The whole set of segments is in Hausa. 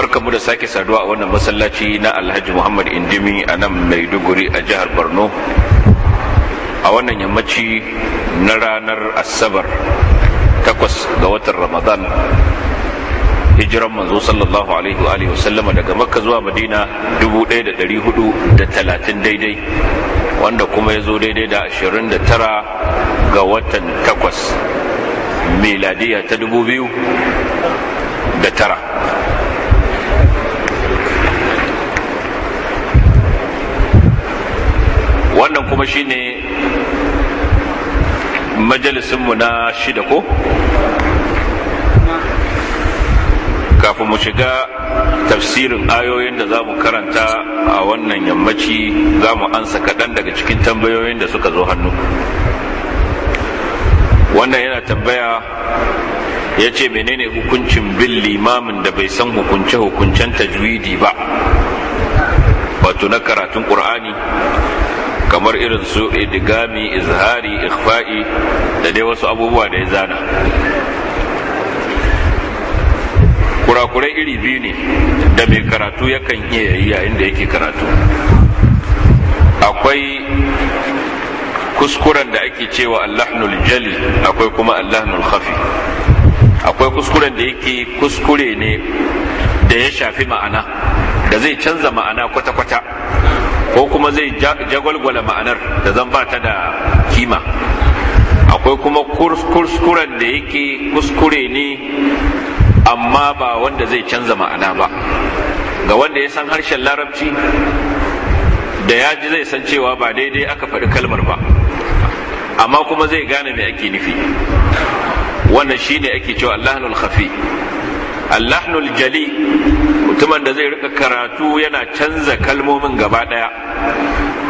barkamu da sake saduwa a wannan masallaci na alhaji muhammad indimi a nan maiduguri a jihar borno a wannan yammaci na ranar asabar takwas ga watan ramadan hijiran manzo sallallahu alaihi wa alihi wasallama daga makka zuwa madina 1430 daidai wanda kuma ya zo daidai da 29 ga watan takwas miladiya ta 2009 wannan kuma shine majalisinmu na shida ko kafin mu shiga tafsirin ayoyin da za mu karanta a wannan yammaci za mu ansa kaɗan daga cikin tambayoyin da suka zo hannu wannan yana tambaya ya ce menene hukuncin bin limamin da bai san hukunce-hukuncen tajwidi ba wato na karatun ƙur'ani kamar irin su idigami izhari ikhfa'i da dai wasu abubuwa da ya zana kurakurai iri biyu ne da mai karatu yakan iya yayi yayin da yake karatu akwai kuskuren da ake cewa allahnul jali akwai kuma allahnul khafi akwai kuskuren da yake kuskure ne da ya shafi ma'ana da zai canza ma'ana kwata-kwata ko kuma zai jagwalgwala ma'anar da zan ba ta da kima akwai kuma kuskuren da yake kuskure ne amma ba wanda zai canza ma'ana ba ga wanda ya san harshen larabci da ya ji zai san cewa ba daidai aka faɗi kalmar ba amma kuma zai gane mai ake nufi wannan shi shine ake cewa allahnul khafi allahnul jali mutumin da zai rika karatu yana canza kalmomin gaba daya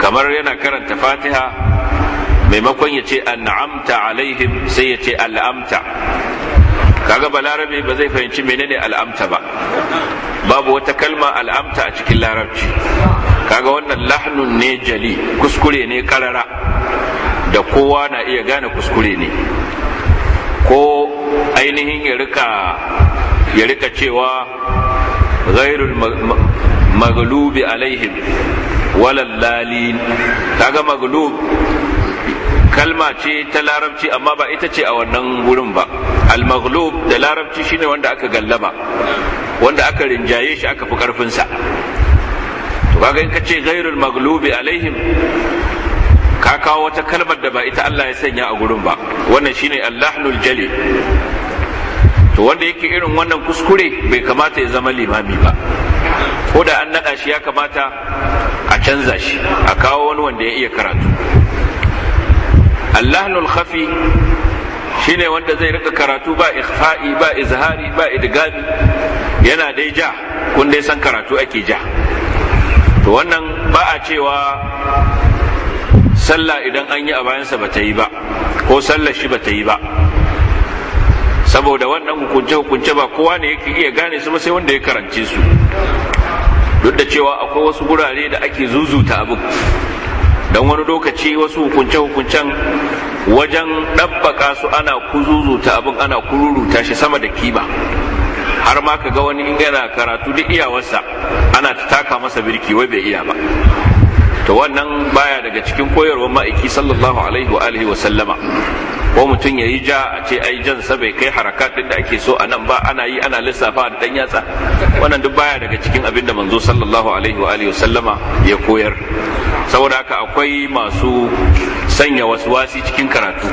kamar yana karanta fatiha maimakon ya ce an'amta alaihim sai ya ce al'amta kaga balarabe ba zai fahimci menene al'amta ba babu wata kalma al'amta a cikin larabci kaga wannan lahnun ne jali kuskure ne karara da kowa na iya gane kuskure ne ko ainihin ya rika ya rika cewa ghairul maghlubi alaihim walallalin kaga maglub kalma ce ta larabci amma ba ita ce a wannan wurin ba al-maghlub da larabci shine wanda aka gallaba wanda aka rinjaye shi aka fi karfinsa to kaga in ka ce ghairul maghlubi alaihim ka kawo wata kalmar da ba ita Allah ya sanya a gurin ba wannan shine allahlul jalil to wanda yake irin wannan kuskure bai kamata ya zama limami ba ko da an naɗa shi ya kamata a canza shi a kawo wani wanda ya iya karatu allahul khafi shine wanda zai rika karatu ba ikhfa'i ba izhari ba idgami yana dai ja kun dai san karatu ake ja to wannan ba a cewa sallah idan an yi a bayansa ba ta yi ba ko sallar shi ba ta yi ba saboda wannan hukunce hukunce ba kowa ne yake iya gane su ba sai wanda ya karance su duk da cewa akwai wasu gurare da ake zuzuta abin don wani lokaci wasu hukunce hukuncen wajen ɗabbaka su ana kuzuzuta abin ana kururuta shi sama da kiba har ma ka ga wani in yana karatu da iyawarsa ana ta taka masa birki wai bai iya ba to wannan baya daga cikin koyarwar ma'aiki sallallahu alaihi wa alihi wa sallama ko mutum ya yi ja a ce ai sa bai kai haraka din da ake so a nan ba ana yi ana lissafa da dan yatsa wannan duk baya daga cikin abin da manzo sallallahu alaihi wa alihi sallama ya koyar saboda haka akwai masu sanya wasu wasi cikin karatu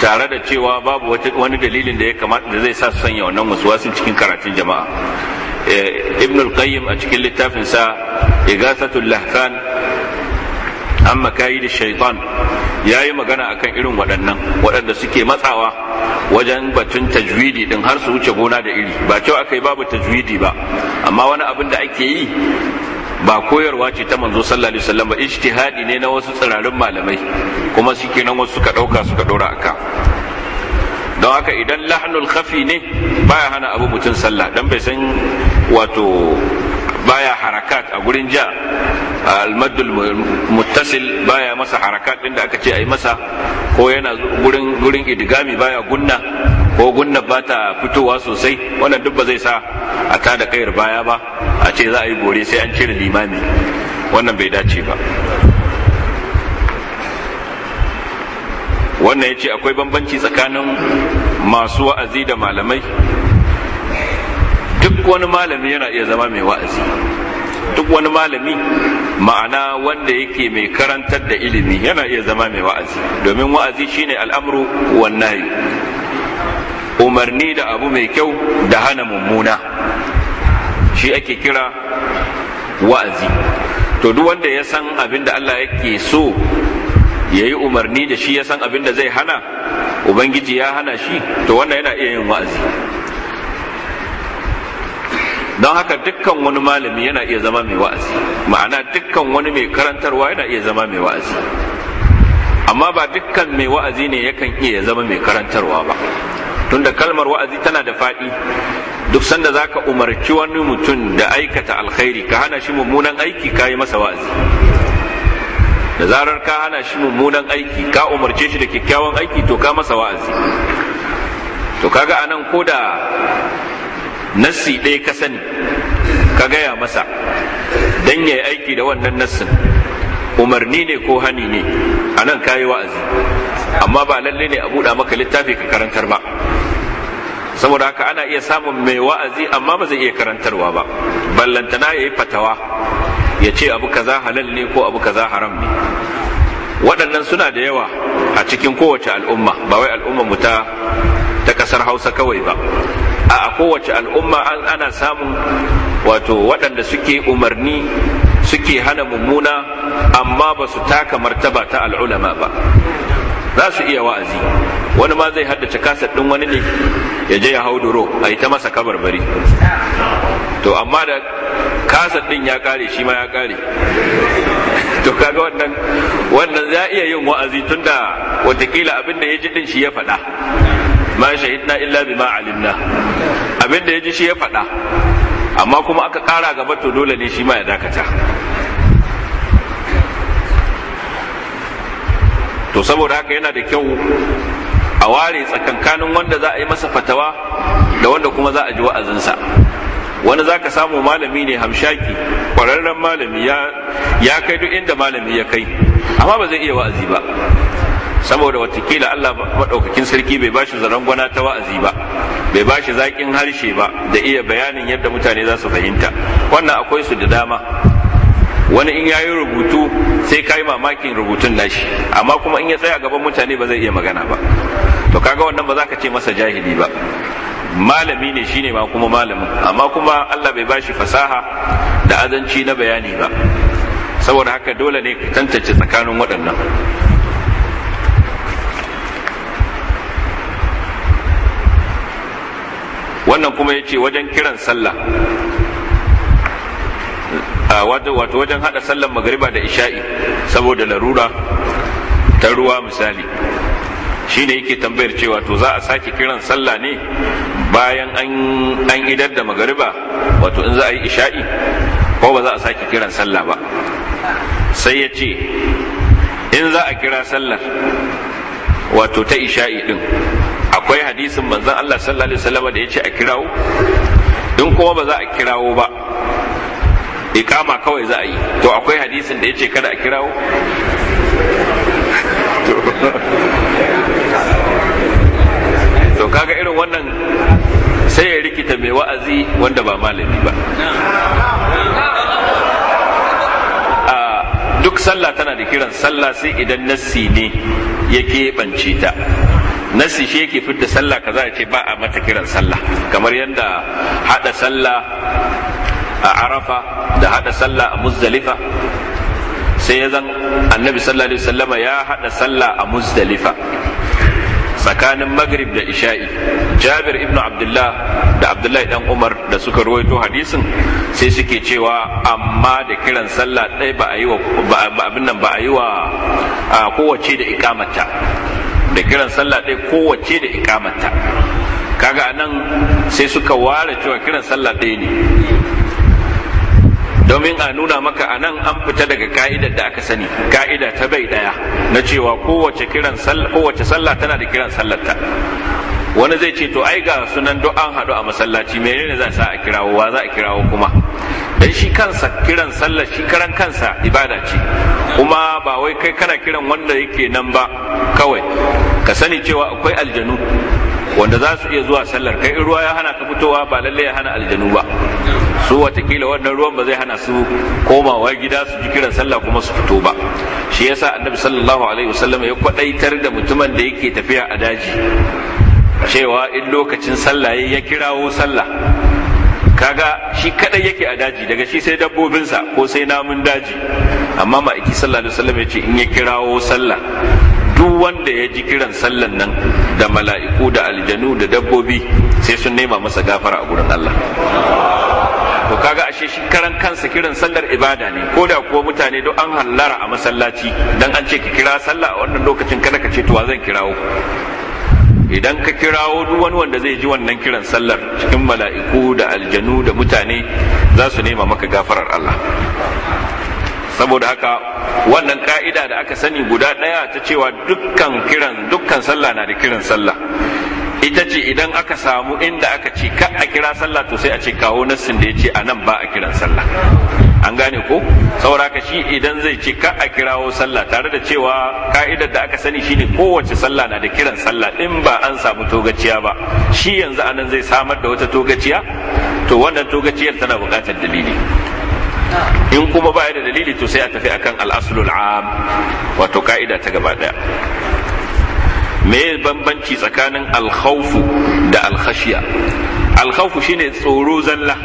tare da cewa babu wani dalilin da ya kamata da zai sa su sanya wannan wasu wasin cikin karatun jama'a eh, ibn al-qayyim a cikin littafinsa igasatul lahfan an makayi da shaitan ya yi magana akan irin waɗannan waɗanda suke matsawa wajen batun tajwidi ɗin har su wuce gona da iri ba cewa aka yi babu tajwidi ba amma wani abin da ake yi ba koyarwa ce ta manzo sallallahu alaihi wasallam ba ijtihadi ne na wasu tsirarin malamai kuma suke nan wasu suka ɗauka suka ɗora aka don haka idan lahnul khafi ne baya hana abu mutum sallah dan bai san wato baya harakat a gurin ja almaddul muttasil baya masa harakat din da aka ce a yi masa ko yana gurin gurin idigami baya gunna ko gunna ba ta fitowa sosai wannan duk ba zai sa a da kayar baya ba a ce za a yi bore sai an cire limami wannan bai dace ba wannan ya ce akwai bambanci tsakanin masu wa'azi da malamai duk wani malami yana iya zama mai wa'azi duk wani malami ma'ana wanda yake mai karantar da ilimi yana iya zama mai wa'azi domin wa'azi shine al'amru wannahi umarni da abu mai kyau da hana mummuna shi ake kira wa'azi to duk wanda ya san abin da Allah yake so ya yi umarni da shi ya san abin da zai hana ubangiji ya hana shi to wannan yana iya yin wa'azi don haka dukkan wani malami yana iya zama mai wa'azi ma'ana dukkan wani mai karantarwa yana iya zama mai wa'azi amma ba dukkan mai wa'azi ne yakan iya zama mai karantarwa ba tunda kalmar wa'azi tana da faɗi duk sanda zaka umarci wani mutum da aikata alkhairi ka hana shi mummunan aiki ka yi masa wa'azi da zarar ka hana shi mummunan aiki ka umarce shi da kyakkyawan aiki to ka masa wa'azi to kaga anan ko da nassi ɗaya ka sani ka gaya masa don ya yi aiki da wannan nassin umarni ne ko hani ne a nan kayi wa'azi amma ba lalle ne a buɗa maka littafi ka karantar ba saboda haka ana iya samun mai wa'azi amma ba zai iya karantarwa ba ballantana ya yi fatawa ya ce abu kaza halal ne ko abu kaza haram ne waɗannan suna da yawa a cikin kowace al'umma ba wai al'ummar mu ta ƙasar hausa kawai ba a kowace al'umma ana samun wato waɗanda suke umarni suke hana mummuna amma ba su taka martaba ta al'ulama ba za su iya wa'azi wani ma zai haddace kasar ɗin wani ne ya je ya hau duro a yi ta masa kabarbari to amma da kasar ɗin ya ƙare shi ma ya ƙare to kaga wannan wannan za iya yin wa'azi tunda watakila abin da ya ji ɗin shi ya faɗa ma shahidna illa bima alimna abin da ya ji shi ya faɗa amma kuma aka kara gaba to dole ne shi ma ya dakata to saboda haka yana da kyau a ware tsakankanin wanda za a yi masa fatawa da wanda kuma za a ji wa'azinsa wani za ka samu malami ne hamshaki kwararren malami ya kai duk inda malami ya kai amma ba zai iya wa'azi ba saboda watakila Allah maɗaukakin sarki bai bashi zaren gwana ta wa'azi ba bai bashi zaƙin harshe ba da iya bayanin yadda mutane za su fahimta wannan akwai su da dama wani in yayi rubutu sai kai mamakin rubutun nashi amma kuma in ya tsaya gaban mutane ba zai iya magana ba to kaga wannan ba za ka ce masa jahili ba malami ne shine ma kuma malamin amma kuma Allah bai bashi fasaha da azanci na bayani ba saboda haka dole ne ka tantance tsakanin waɗannan wannan kuma ya ce wajen kiran sallah wato wajen hada sallar magariba da isha'i saboda larura ta ruwa misali shi ne yake tambayar cewa to za a sake kiran sallah ne bayan an idar da magariba wato in za a yi isha'i ko ba za a sake kiran sallah ba sai ya ce in za a kira sallar wato ta isha'i din akwai hadisin manzon Allah sallallahu alaihi wasallam da yace a kirawo in kuma ba za a kirawo ba ikama kawai za a yi to akwai hadisin da yace kada a kirawo to kaga irin wannan sai ya rikita mai wa'azi wanda ba malami ba ah, duk sallah tana da kiran sallah sai idan nassi ne ya keɓance ta nasi shi yake fidda sallah kaza ya ce ba a mata kiran sallah kamar yadda hada sallah a arafa da hada sallah a muzdalifa sai ya zan annabi sallallahu alaihi wasallama ya hada sallah a muzdalifa tsakanin maghrib da isha'i jabir ibn abdullah da abdullahi dan umar da suka ruwaito hadisin sai suke cewa amma da kiran sallah ɗaya ba a yi abin nan ba a yi wa kowace da ikamata da kiran sallah ɗaya kowace da ikamata kaga anan sai suka ware cewa kiran sallah ɗaya ne domin a nuna maka a nan an fita daga ka'idar da aka sani ka'ida ta bai daya na cewa kowace kiran kowace sallah tana da kiran sallarta wani zai ce to ai ga sunan duk an haɗu a masallaci menene za sa a kirawo wa za a kirawo kuma dan shi kansa kiran sallar shi karan kansa ibada ce kuma ba wai kai kana kiran wanda yake nan ba kawai ka sani cewa akwai aljanu wanda za su iya zuwa sallar kai in ruwa ya hana ka fitowa ba lallai ya hana aljanu ba su watakila wannan ruwan ba zai hana su komawa gida su ji kiran sallah kuma su fito ba shi yasa annabi sallallahu alaihi wasallam ya kwadaitar da mutumin da yake tafiya a daji cewa in lokacin sallah ya kirawo sallah kaga shi kadai yake a daji daga shi sai dabbobinsa ko sai namun daji amma ma'aiki sallallahu alaihi wasallam ya ce in ya kirawo sallah duk wanda ya ji kiran sallan nan da mala'iku da aljanu da dabbobi sai sun nema masa gafara a gurin Allah to kaga ashe shi karan kansa kiran sallar ibada ne ko da kuwa mutane duk an hallara a masallaci dan an ce ki kira sallah a wannan lokacin kada ka ce to zan kirawo idan ka kirawo duk wani wanda zai ji wannan kiran sallar cikin mala'iku da aljanu da mutane za su nema maka gafarar Allah saboda haka wannan ka'ida da aka sani guda ɗaya ta cewa dukkan kiran dukkan sallah na da kiran sallah ita ce idan aka samu inda aka ce ka a kira sallah to sai a ce kawo nassin da ya ce a nan ba a kiran sallah an gane ko ka shi idan zai ce ka a kirawo sallah tare da cewa ka'idar da aka sani shine kowace sallah na da kiran sallah in ba an samu togaciya ba shi yanzu anan zai samar da wata togaciya to wannan togaciyar tana buƙatar dalili in kuma ba da dalili to sai a tafi akan al'aslul am wato ka'ida ta gaba ɗaya. me bambanci tsakanin alkhawfu da alkhashiya alkhawfu shine tsoro zalla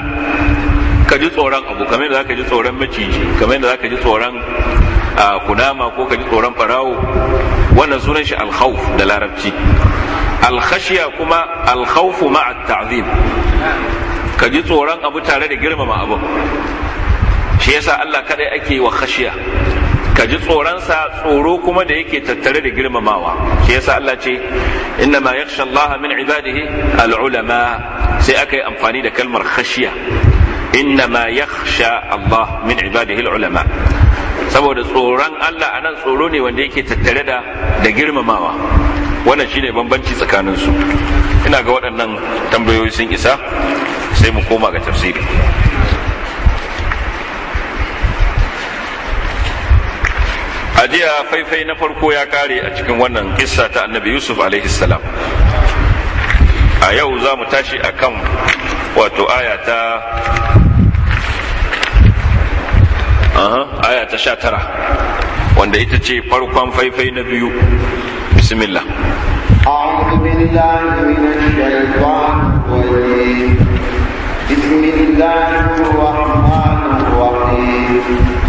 ka ji tsoron abu kamar da zaka ji tsoron maciji kamar da zaka ji tsoron kunama ko ka ji tsoron farawo wannan sunan shi alkhawf da larabci alkhashiya kuma alkhawfu ma'a ta'zim ka ji tsoron abu tare da girmama abu shi yasa Allah kadai ake wa khashiya ka ji tsoronsa tsoro kuma da yake tattare da girmamawa shi yasa Allah ce inna ma yakhsha Allah min ibadihi al sai aka yi amfani da kalmar khashiya inna ma yakhsha Allah min ibadihi al saboda tsoron Allah anan tsoro ne wanda yake tattare da da girmamawa wannan shine bambanci tsakanin su ina ga waɗannan tambayoyi sun isa sai mu koma ga tafsiri a jiya faifai na farko ya kare a cikin wannan kissa ta annabi yusuf alaihi salam a yau za mu tashi a kan wato aya ta aya ta sha tara wanda ita ce farkon faifai na biyu bismillah أعوذ بالله من الشيطان الرجيم بسم الله الرحمن الرحيم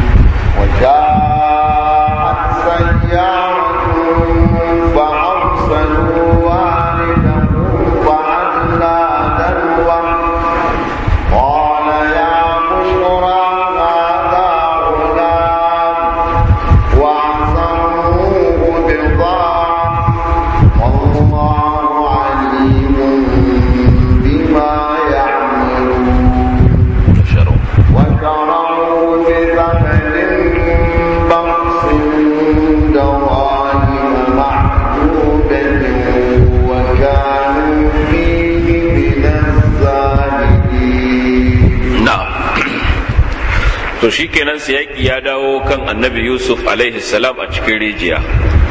to shi shikenan siyaki ya dawo kan annabi yusuf alaihi salam a cikin rijiya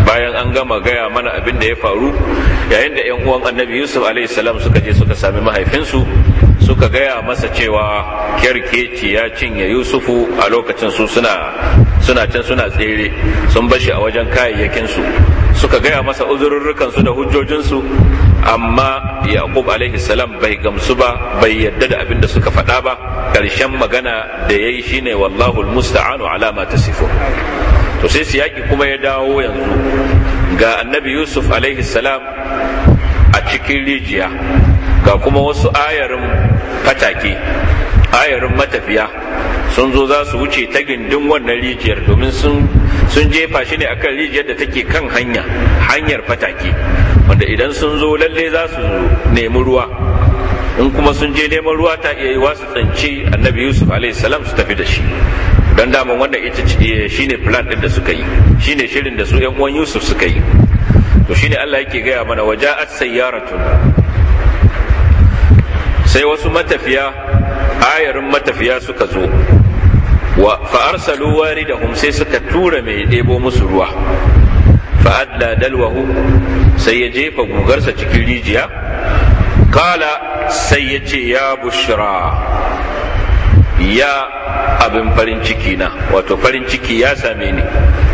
bayan an gama gaya mana abin da ya faru yayin da yan uwan annabi yusuf alaihi salam suka je suka sami mahaifinsu suka gaya masa cewa kyarkeci ya cinye yusufu a lokacin su suna suna can suna tsere sun bashi a wajen kayayyakinsu suka gaya masa su da hujjojinsu amma yaqub alaihi salam bai gamsu ba bai yadda da abin da suka faɗa ba ƙarshen magana da ya yi shine wallahu musta'anu ala ma tasifu to sai kuma ya dawo yanzu ga annabi yusuf alaihi salam a cikin rijiya ga kuma wasu ayarin fatake ayarin matafiya sun zo za su wuce ta gindin wannan rijiyar domin sun jefa shi ne akan rijiyar da take kan hanya hanyar fatake wanda idan sun zo lalle za su nemi ruwa in kuma sun je neman ruwa ta iya yi wasu tsanci annabi yusuf salam su tafi da shi don daman wannan ita eh, shi ne plan ɗin da suka yi shi shirin da su yan uwan yusuf suka yi to shi ne allah yake gaya mana waje sayyaratun sai wasu matafiya ayarin matafiya suka zo wa da waridahum sai suka tura mai ɗebo musu ruwa da dalwahu sai ya jefa gugarsa cikin rijiya kala sai ya ce ya bushra ya abin farin ciki na wato farin ciki ya same ni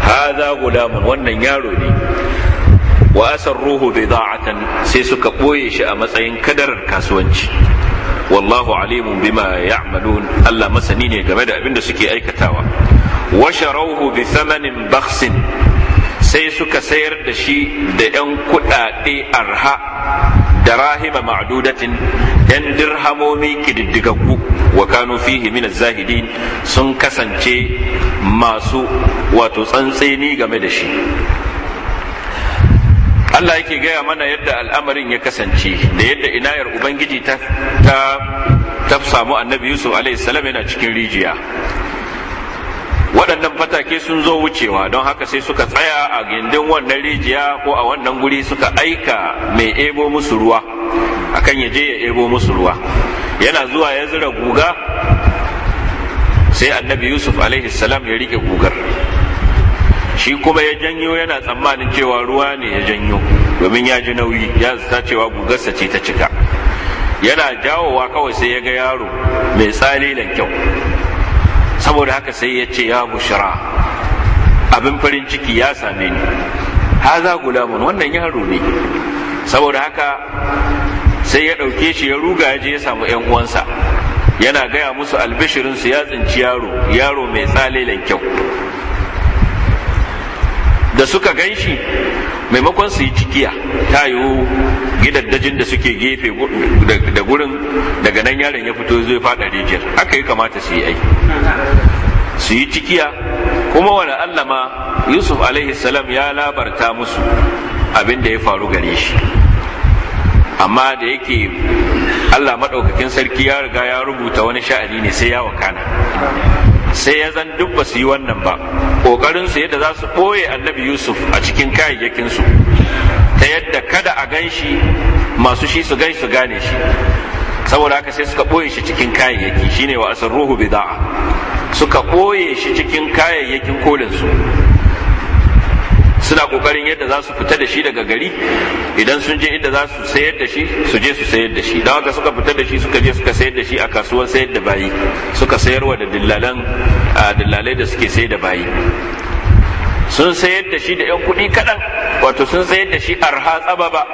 haza gulamun wannan yaro ne wa asar ruhu bida'atan sai suka ɓoye shi a matsayin kadarar kasuwanci wallahu alimun bima ya'malun Allah masani ne game da abin da suke aikatawa wa sharauhu bi thamanin sai suka sayar da shi da 'yan kuɗaɗe arha da rahima ma'dudatin yan dirhamomi kididdigaggu wa kanu fihi min zahidin sun kasance masu wato tsantseni game da shi Allah yake gaya mana yadda al'amarin ya kasance da yadda ina inayar ubangiji ta ta samu annabi yusuf alaihi salam yana cikin rijiya waɗannan fatake sun zo wucewa don haka sai suka tsaya a gindin wannan rijiya ko a wannan guri suka aika mai ebo musu ruwa akan ya je ya ebo musu ruwa yana zuwa ya zira guga sai annabi yusuf salam ya rike gugar shi kuma ya janyo yana tsammanin cewa ruwa ne ya janyo domin ya ji nauyi ya zata cewa gugarsa ce ta cika yana jawowa kawai sai ya ga yaro mai tsalilan kyau saboda haka sai ya ce ya bushra abin farin ciki ya same ni ha haza gulamun wannan yaro ne saboda haka sai ya ɗauke shi ya ruga ya je ya samu 'yan uwansa yana gaya musu albishirin su ya tsinci yaro yaro mai tsalelen kyau da suka gan shi maimakon su yi cikiya ta yiwu gidaddajin da suke gefe da gurin daga nan yaron ya fito zai fada rijiyar aka yi kamata su yi aiki. su yi cikiya kuma wani allama yusuf alaihi ya labarta musu abin da ya faru gare shi amma da yake allah maɗaukakin sarki ya riga ya rubuta wani sha'ani ne sai ya wakana sai ya zan duk ba su yi wannan ba kokarin su yadda za su ɓoye annabi yusuf a cikin kayayyakin su ta yadda kada a gan shi masu shi su gan su gane shi saboda haka sai suka ɓoye shi cikin kayayyaki shine wa ruhu bida'a suka ɓoye shi cikin kayayyakin kolin su suna kokarin yadda za su fita da shi daga gari idan sun je inda za su sayar da shi su je su sayar da shi don haka suka fita da shi suka je suka sayar da shi a kasuwar sayar da bayi suka sayar wa da dillalan a dillalai da suke sayar da bayi sun sayar da shi da 'yan kuɗi kaɗan wato sun sayar da shi arha tsaba ba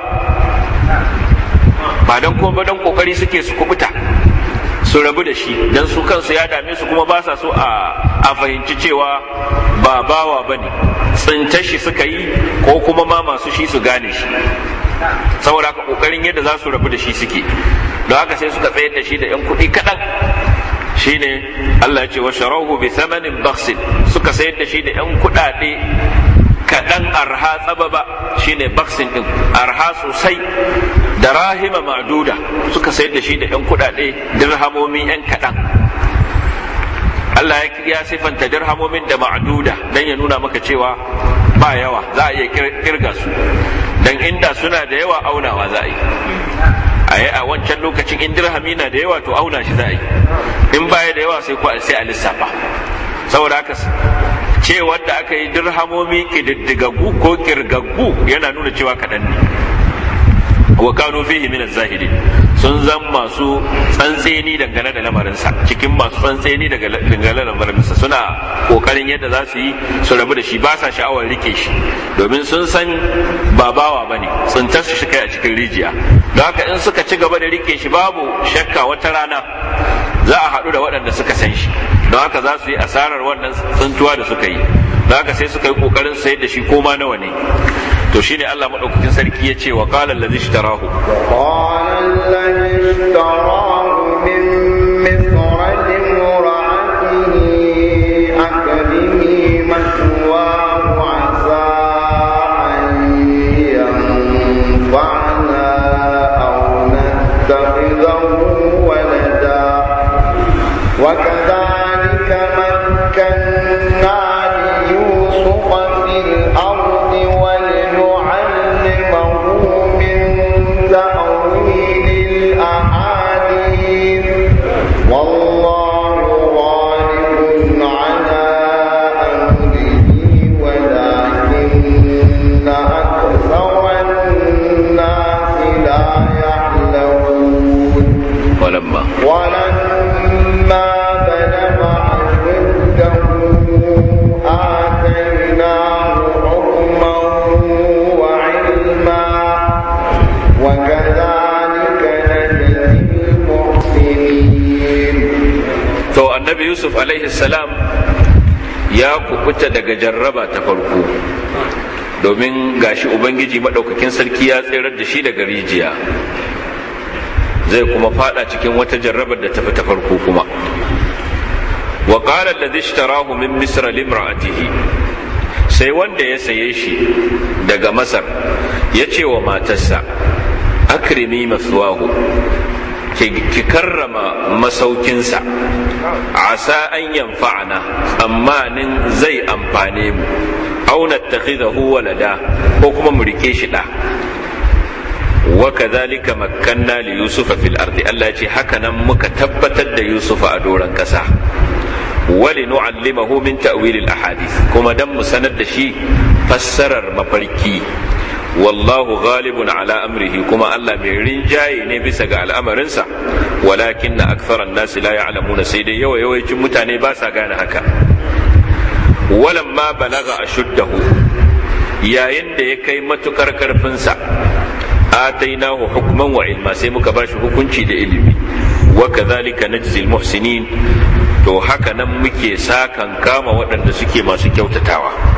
ba don kuma don kokari suke su kubuta su rabu da shi don su kansu ya dame su kuma ba sa so a fahimci cewa ba bawa ba ne shi suka yi ko kuma ma masu shi su gane shi saboda haka kokarin yadda za su rabu da shi suke don haka sai suka tsayar da shi da 'yan kuɗi kaɗan shine Allah ya ce wa sharahu bi thamanin baksin suka sayar da shi da 'yan kuɗaɗe kaɗan arha tsaba ba shine boxing ɗin arha sosai da rahima ma'duda suka sayar da shi da 'yan kuɗaɗe dirhamomi 'yan kaɗan Allah ya sifanta dirhamomin da ma'duda don ya nuna maka cewa ba yawa za a iya kirga su don inda suna da yawa aunawa za a yi a wancan lokacin in dirhami na da yawa to auna shi za a yi in baya da yawa sai a lissafa saboda haka ce da aka yi dirhamomi kididdigaggu ko kirgaggu yana nuna cewa kaɗan ne wa kanu fihi min zahiri sun zan masu tsantseni dangane da lamarinsa cikin masu tsantseni dangane da lamarinsa suna kokarin yadda za su yi su rabu da shi ba sa sha'awar rike shi domin sun san ba bawa ba ne tsintar su shi kai a cikin rijiya don haka in suka ci gaba da rike shi babu shakka wata rana za a haɗu da waɗanda suka san shi don haka za su yi asarar wannan tsintuwa da suka yi don haka sai suka yi ƙoƙarin sayar da shi koma nawa ne to shine Allah maɗaukakin sarki ya ce wa qala allazi ishtarahu qala allazi ishtarahu min misra yusuf alaihi salam ya kubuta daga jarraba ta farko domin gashi ubangiji maɗaukakin sarki ya tsirar da shi daga rijiya zai kuma fada cikin wata jarrabar da tafi ta farko kuma wa qala alladhi ishtarahu min misr limra'atihi sai wanda ya saye shi daga masar ya ce wa matarsa akrimi masuwahu ki karrama masaukinsa asa an yanfa'ana amma nin zai amfane mu aw nattakhidahu walada ko kuma mu rike shi da wa kadhalika makkanna li yusufa fil ardi Allah ce haka nan muka tabbatar da yusufa a doran ƙasa. wali nu'allimahu min ta'wilil ahadith kuma dan mu sanar da shi fassarar mafarki wallahu ghalibun ala amrihi kuma Allah mai rinjaye ne bisa ga al'amarinsa walakin na nasila ya la ya'lamuna sai dai yawa yawancin mutane ba sa gane haka walamma balaga ashuddahu yayin da ya kai matukar karfinsa atainahu hukman wa ilma sai muka bashi hukunci da ilimi wa na najzi muhsinin to haka nan muke sakan kama waɗanda suke masu kyautatawa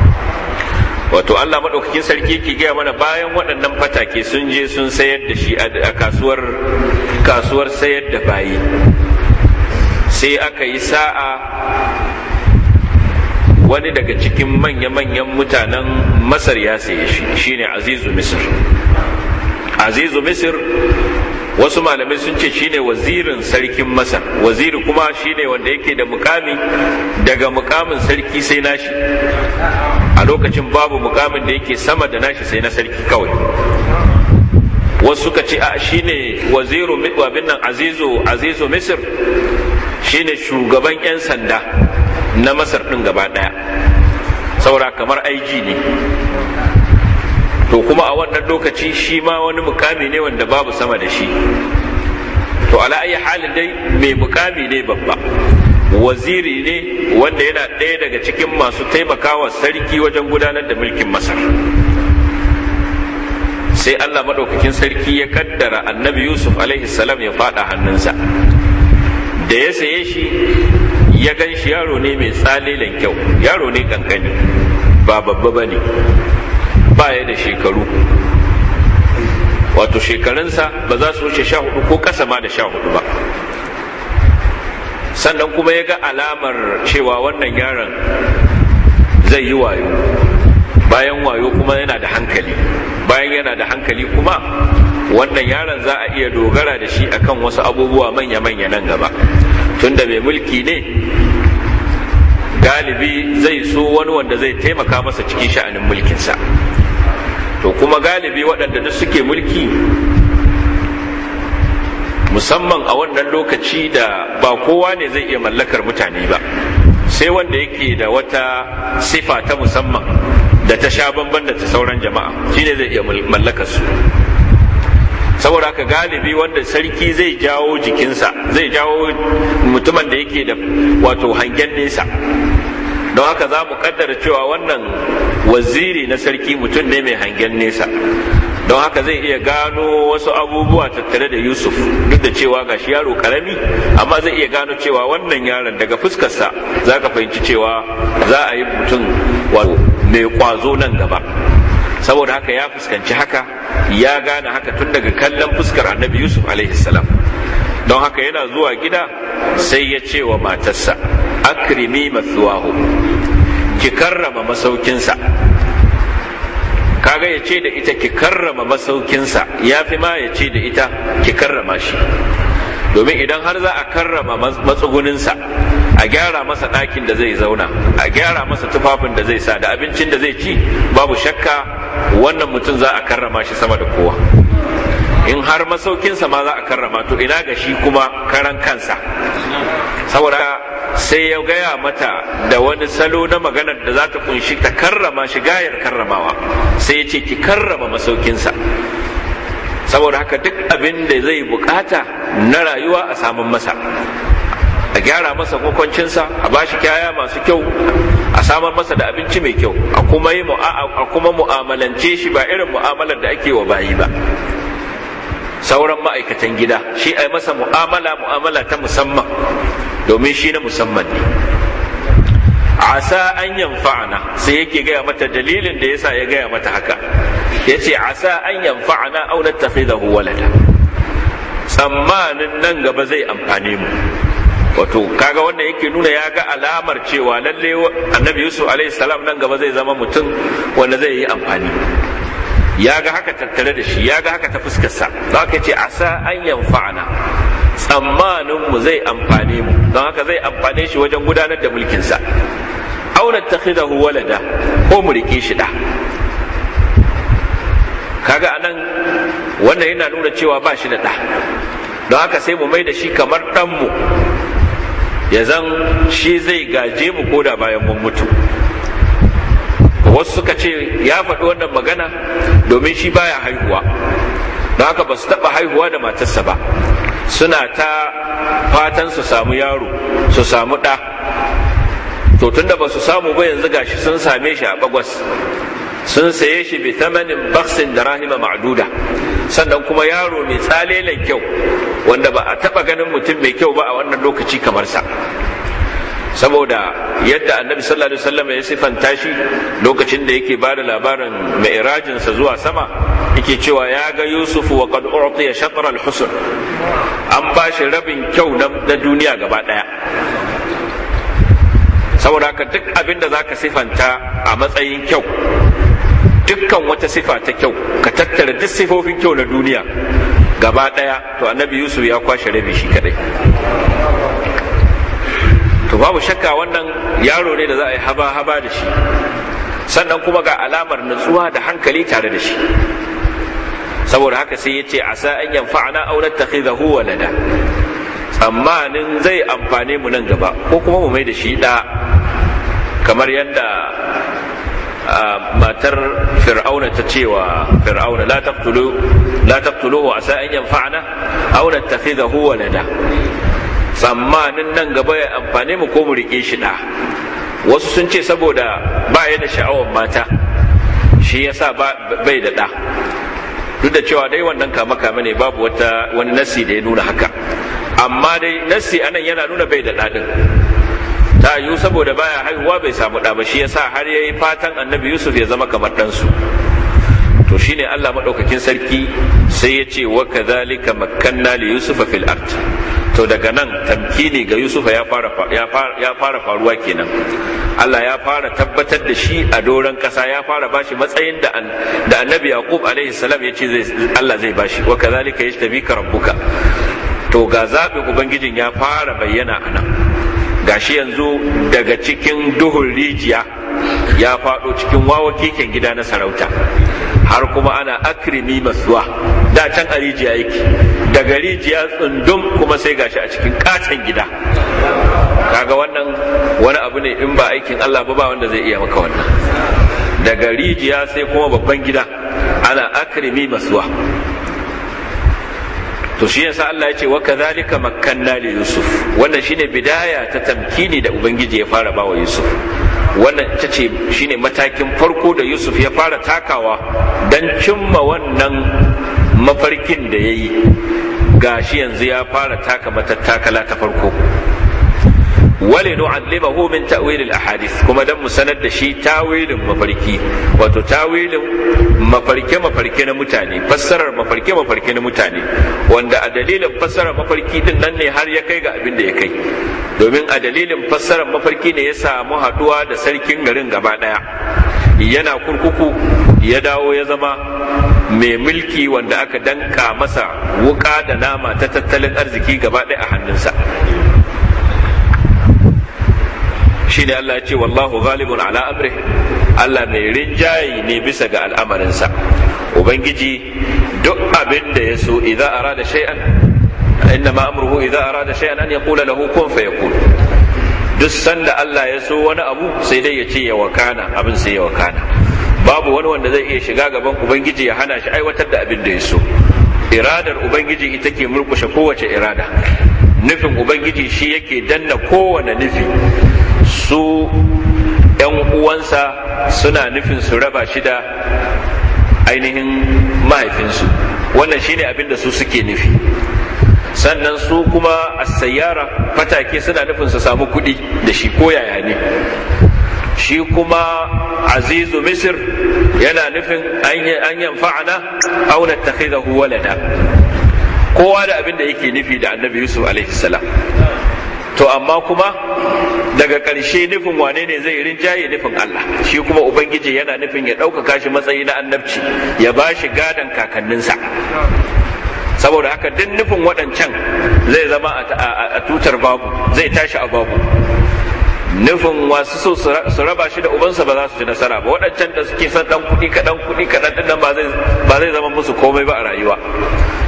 wato Allah maɗaukakin sarki yake gaya mana bayan waɗannan fatake sun je sun sayar da shi a kasuwar kasuwar sayar da bayi sai aka yi sa'a wani daga cikin manya-manyan mutanen masar ya saye shi shine azizu misir azizu misir wasu malamai sun ce shine wazirin sarkin masar waziri kuma shine wanda yake da mukami daga mukamin sarki sai nashi a lokacin babu mukamin da yake sama da nashi sai na sarki kawai wasu suka ce a shine waziru wabin nan azizu azizu misir shine shugaban 'yan sanda na masar ɗin gaba ɗaya saura kamar aiji ne to kuma a wannan lokaci shi ma wani mukami ne wanda babu sama da shi to ala ayi halin dai mai mukami ne babba waziri ne wanda yana ɗaya daga cikin masu taimakawa sarki wajen gudanar da mulkin masar sai allah maɗaukakin sarki ya kaddara annabi yusuf salam ya faɗa hannunsa da ya saye shi ya gan shi yaro ne mai tsalilan kyau yaro ne kankani ba babba ba ne ba ya da shekaru wato shekarunsa ba za su wuce sha hudu ko ƙasa ma da sha hudu ba sannan kuma ya ga alamar cewa wannan yaron zai yi wayo bayan wayo kuma yana da hankali bayan yana da hankali kuma wannan yaron za a iya dogara da shi akan wasu abubuwa manya-manya nan gaba tunda mai mulki ne galibi zai so wani wanda zai taimaka masa cikin sha'anin mulkinsa to kuma galibi waɗanda duk suke mulki musamman a wannan lokaci da ba kowa ne zai iya mallakar mutane ba sai wanda yake da wata sifa ta musamman da ta sha bamban da ta sauran jama'a shine zai iya mallakar su saboda haka galibi wanda sarki zai jawo jikinsa zai jawo mutumin da yake da wato hangen nesa don haka za mu kaddara cewa wannan waziri na sarki mutum ne mai hangen nesa don haka zai iya gano wasu abubuwa tattare da yusuf duk da cewa ga yaro karami amma zai iya gano cewa wannan yaron daga fuskarsa za ka fahimci cewa za a yi mutum mai kwazo nan gaba saboda haka ya fuskanci haka ya gane haka tun daga kallon fuskar annabi yusuf salam don haka yana zuwa gida sai ya ce wa matarsa akrimi masuwahu ki karrama masaukinsa kaga ya ce da ita ki karrama masaukinsa ya fi ma ya ce da ita ki karrama shi domin idan har za a karrama matsuguninsa a gyara masa ɗakin da zai zauna a gyara masa tufafin da zai sa da abincin da zai ci babu shakka wannan mutum za a karrama shi sama da kowa in har masaukinsa ma za a karrama to ina ga shi kuma karan kansa saboda sai ya gaya mata da wani salo na maganar da za ta kunshi ta karrama shi gayar karramawa sai ya ce ki karrama masaukinsa saboda haka duk abin da zai bukata na rayuwa a samun masa a gyara masa kokoncinsa a bashi kyaya masu kyau a samar masa da abinci mai kyau a kuma yi kuma mu'amalance shi ba irin mu'amalar da ake wa bayi ba sauran ma'aikatan gida shi a yi masa mu'amala mu'amala ta musamman domin shi na musamman ne asa an yanfa'ana sai yake gaya mata dalilin da yasa ya gaya mata haka yace asa an yanfa'ana aw nattakhidahu walada tsammanin nan gaba zai amfane mu wato kaga wanda yake nuna ya ga alamar cewa lalle annabi yusuf alaihi salam nan gaba zai zama mutum wanda zai yi amfani ya ga haka tattare da shi ya ga haka ta fuskarsa za ka ce asa an yanfa'ana tsammanin mu zai amfane mu don haka zai amfane shi wajen gudanar da mulkinsa auna takhidahu walada ko mu rike shi da kaga anan wannan yana nuna cewa ba shi da ɗa don haka sai mu mai da shi kamar ɗanmu ya zan shi zai gaje mu koda bayan mun mutu wasu suka ce ya faɗi wannan magana domin shi baya haihuwa don haka ba su taɓa haihuwa da matarsa ba suna ta fatan su samu yaro su samu ɗa to tunda ba su samu ba yanzu gashi sun same shi a bagwas sun saye shi bi tamanin baksin da rahima ma'duda sannan kuma yaro mai tsalelen kyau wanda ba a taɓa ganin mutum mai kyau ba a wannan lokaci kamar sa saboda yadda annabi sallallahu alaihi wasallam ya sifanta shi lokacin da yake bada labarin ma'irajinsa zuwa sama yake cewa ya ga yusuf wa qad u'tiya shatr al-husn an ba shi rabin kyau na duniya gaba daya saboda haka duk abin da zaka sifanta a matsayin kyau dukkan wata sifa ta kyau ka tattara duk sifofin kyau na duniya gaba daya to annabi yusuf ya kwashe rabi shi kadai to babu shakka wannan yaro ne da za a yi haba haba da shi sannan kuma ga alamar nutsuwa da hankali tare da shi saboda haka sai ya ce a sa'an yan fa'ana, auna tafi nattakhidahu walada amma zai amfane mu nan gaba ko kuma mu mai da shi ɗa. kamar yadda matar fir'auna ta cewa fir'auna la taqtulu la taqtuluhu asa an yanfa'ana aw wa walada tsammanin nan gaba ya amfane mu ko mu rike shi ɗa wasu sun ce saboda ba ya da sha'awar mata shi ya sa bai da ɗa duk da cewa dai wannan kama kama ne babu wata wani nasi da ya nuna haka amma dai nasi anan yana nuna bai da ɗaɗin ta yiwu saboda baya haihuwa bai samu ɗa ba shi yasa har ya yi fatan annabi yusuf ya zama kamar ɗansu to shine allah maɗaukakin sarki sai ya ce wa kadhalika makkanna li yusufa fil ard to daga nan tamkini ga yusuf ya fara faruwa kenan allah ya fara tabbatar da shi a doron kasa ya fara bashi matsayin da annabi yaqub alaihi salam ya ce allah zai bashi wa kazalika ka rabbuka to ga zaɓin ubangijin ya fara bayyana a nan gashi yanzu daga cikin duhun rijiya ya faɗo cikin wawa keken gida na sarauta har kuma ana akrimi masuwa da can a rijiya yake daga rijiya tsundum kuma sai gashi a cikin katon gida kaga wannan wani abu ne in ba aikin Allah ba ba wanda zai iya maka wannan daga rijiya sai kuma babban gida ana akrimi masuwa to shi yasa Allah ya ce wa kadhalika makkanna li yusuf wannan shine bidaya ta tamkini da ubangiji ya fara bawa yusuf wannan ita ce shine matakin farko da yusuf ya fara takawa don cimma wannan mafarkin da ya yi shi yanzu ya fara taka matattakala ta farko wale nu'allimahu min ta'wil al-ahadith kuma dan mu sanar da shi tawilin mafarki wato tawilin mafarke mafarke na mutane fassarar mafarke mafarke na mutane wanda a dalilin fassarar mafarki din nan ne har ya kai ga abin da ya kai domin a dalilin fassarar mafarki ne ya samu haduwa da sarkin garin gaba daya yana kurkuku ya dawo ya zama mai mulki wanda aka danka masa wuka da nama ta tattalin arziki gaba daya a hannunsa shine Allah ya ce wallahu ghalibun ala amri Allah mai rinjayi ne bisa ga al'amarinsa ubangiji duk abin da ya so idza arada shay'an inna ma amruhu idza arada shay'an an yaqula lahu kun fayakun duk sanda Allah ya so wani abu sai dai ya ce ya wakana abin sai ya wakana babu wani wanda zai iya shiga gaban ubangiji ya hana shi aiwatar da abin da ya so iradar ubangiji ita ke murkushe kowace irada nufin ubangiji shi yake danna kowane nufi su ‘yan uwansa suna nufin su raba shi da ainihin mahaifinsu wannan shine abin da su suke nufi sannan su kuma a sayyara fatake suna nufin su samu kuɗi da shi ko yaya ne shi kuma azizu misir yana nufin an yanfa'ana auna takhidahu walada kowa da abin da yake nufi da annabi yusuf alaihi salam to amma kuma daga ƙarshe nufin wane ne zai rinjaye nufin Allah shi kuma ubangiji yana nufin ya ɗaukaka shi matsayi na annabci ya ba shi gadon kakanninsa saboda haka duk nufin waɗancan zai zama a tutar babu zai tashi a babu nufin wasu so su raba shi da ubansa ba za su ci nasara ba waɗancan da suke son ɗan kuɗi kaɗan kuɗi kaɗan ɗin ba zai zama musu komai ba a rayuwa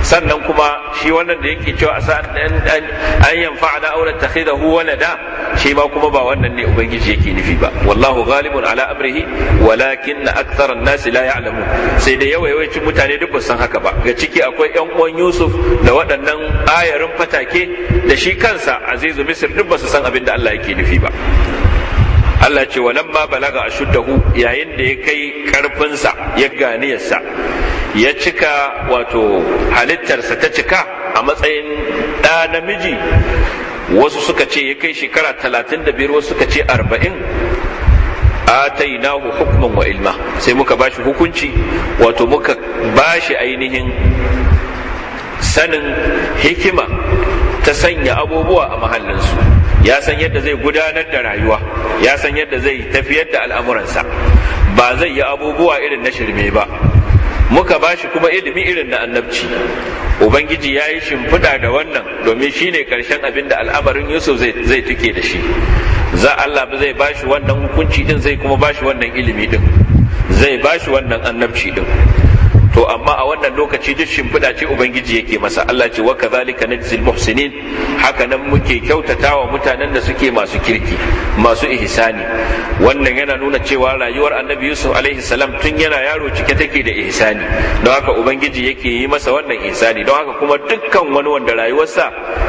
sannan kuma shi wannan da yake cewa asa an yanfa na aure ta da da. shi ma kuma ba wannan ne ubangiji yake nufi ba wallahu ghalibun ala amrihi walakin na aktharan nasi la alamu. sai da yawa yawancin mutane duk san haka ba ga ciki akwai yan uwan Yusuf da waɗannan ayarin fatake da shi kansa Azizu Misir duk ba su san abin da Allah yake nufi ba Allah ce walamma balaga ashuddahu yayin da ya kai karfinsa ya ganiyarsa ya cika wato halittarsa ta cika a matsayin ɗa namiji wasu suka ce ya kai shekara talatin da biyar wasu suka ce arba'in atainahu hukman wa ilma sai muka bashi hukunci wato muka bashi ainihin sanin hikima ta sanya abubuwa a mahallinsu ya san yadda zai gudanar da rayuwa ya san yadda zai tafiyar da al'amuransa ba zai yi abubuwa irin na shirme ba muka ba shi kuma ilimi irin na annabci ubangiji ya yi shimfiɗa da wannan domin shine karshen abin da al'amarin yusuf zai tuke da shi za Allah ba zai bashi wannan hukunci din zai kuma ba shi wannan ilimi din zai ba shi wannan annabci din to amma a wannan lokaci duk shimfiɗa ce ubangiji yake masa Allah ce wa kadhalika najzil muhsinin haka nan muke kyautatawa mutanen da suke masu kirki masu ihsani wannan yana nuna cewa rayuwar annabi yusuf alaihi salam tun yana yaro cike take da ihsani don haka ubangiji yake yi masa wannan ihsani don haka kuma dukkan wani wanda rayuwarsa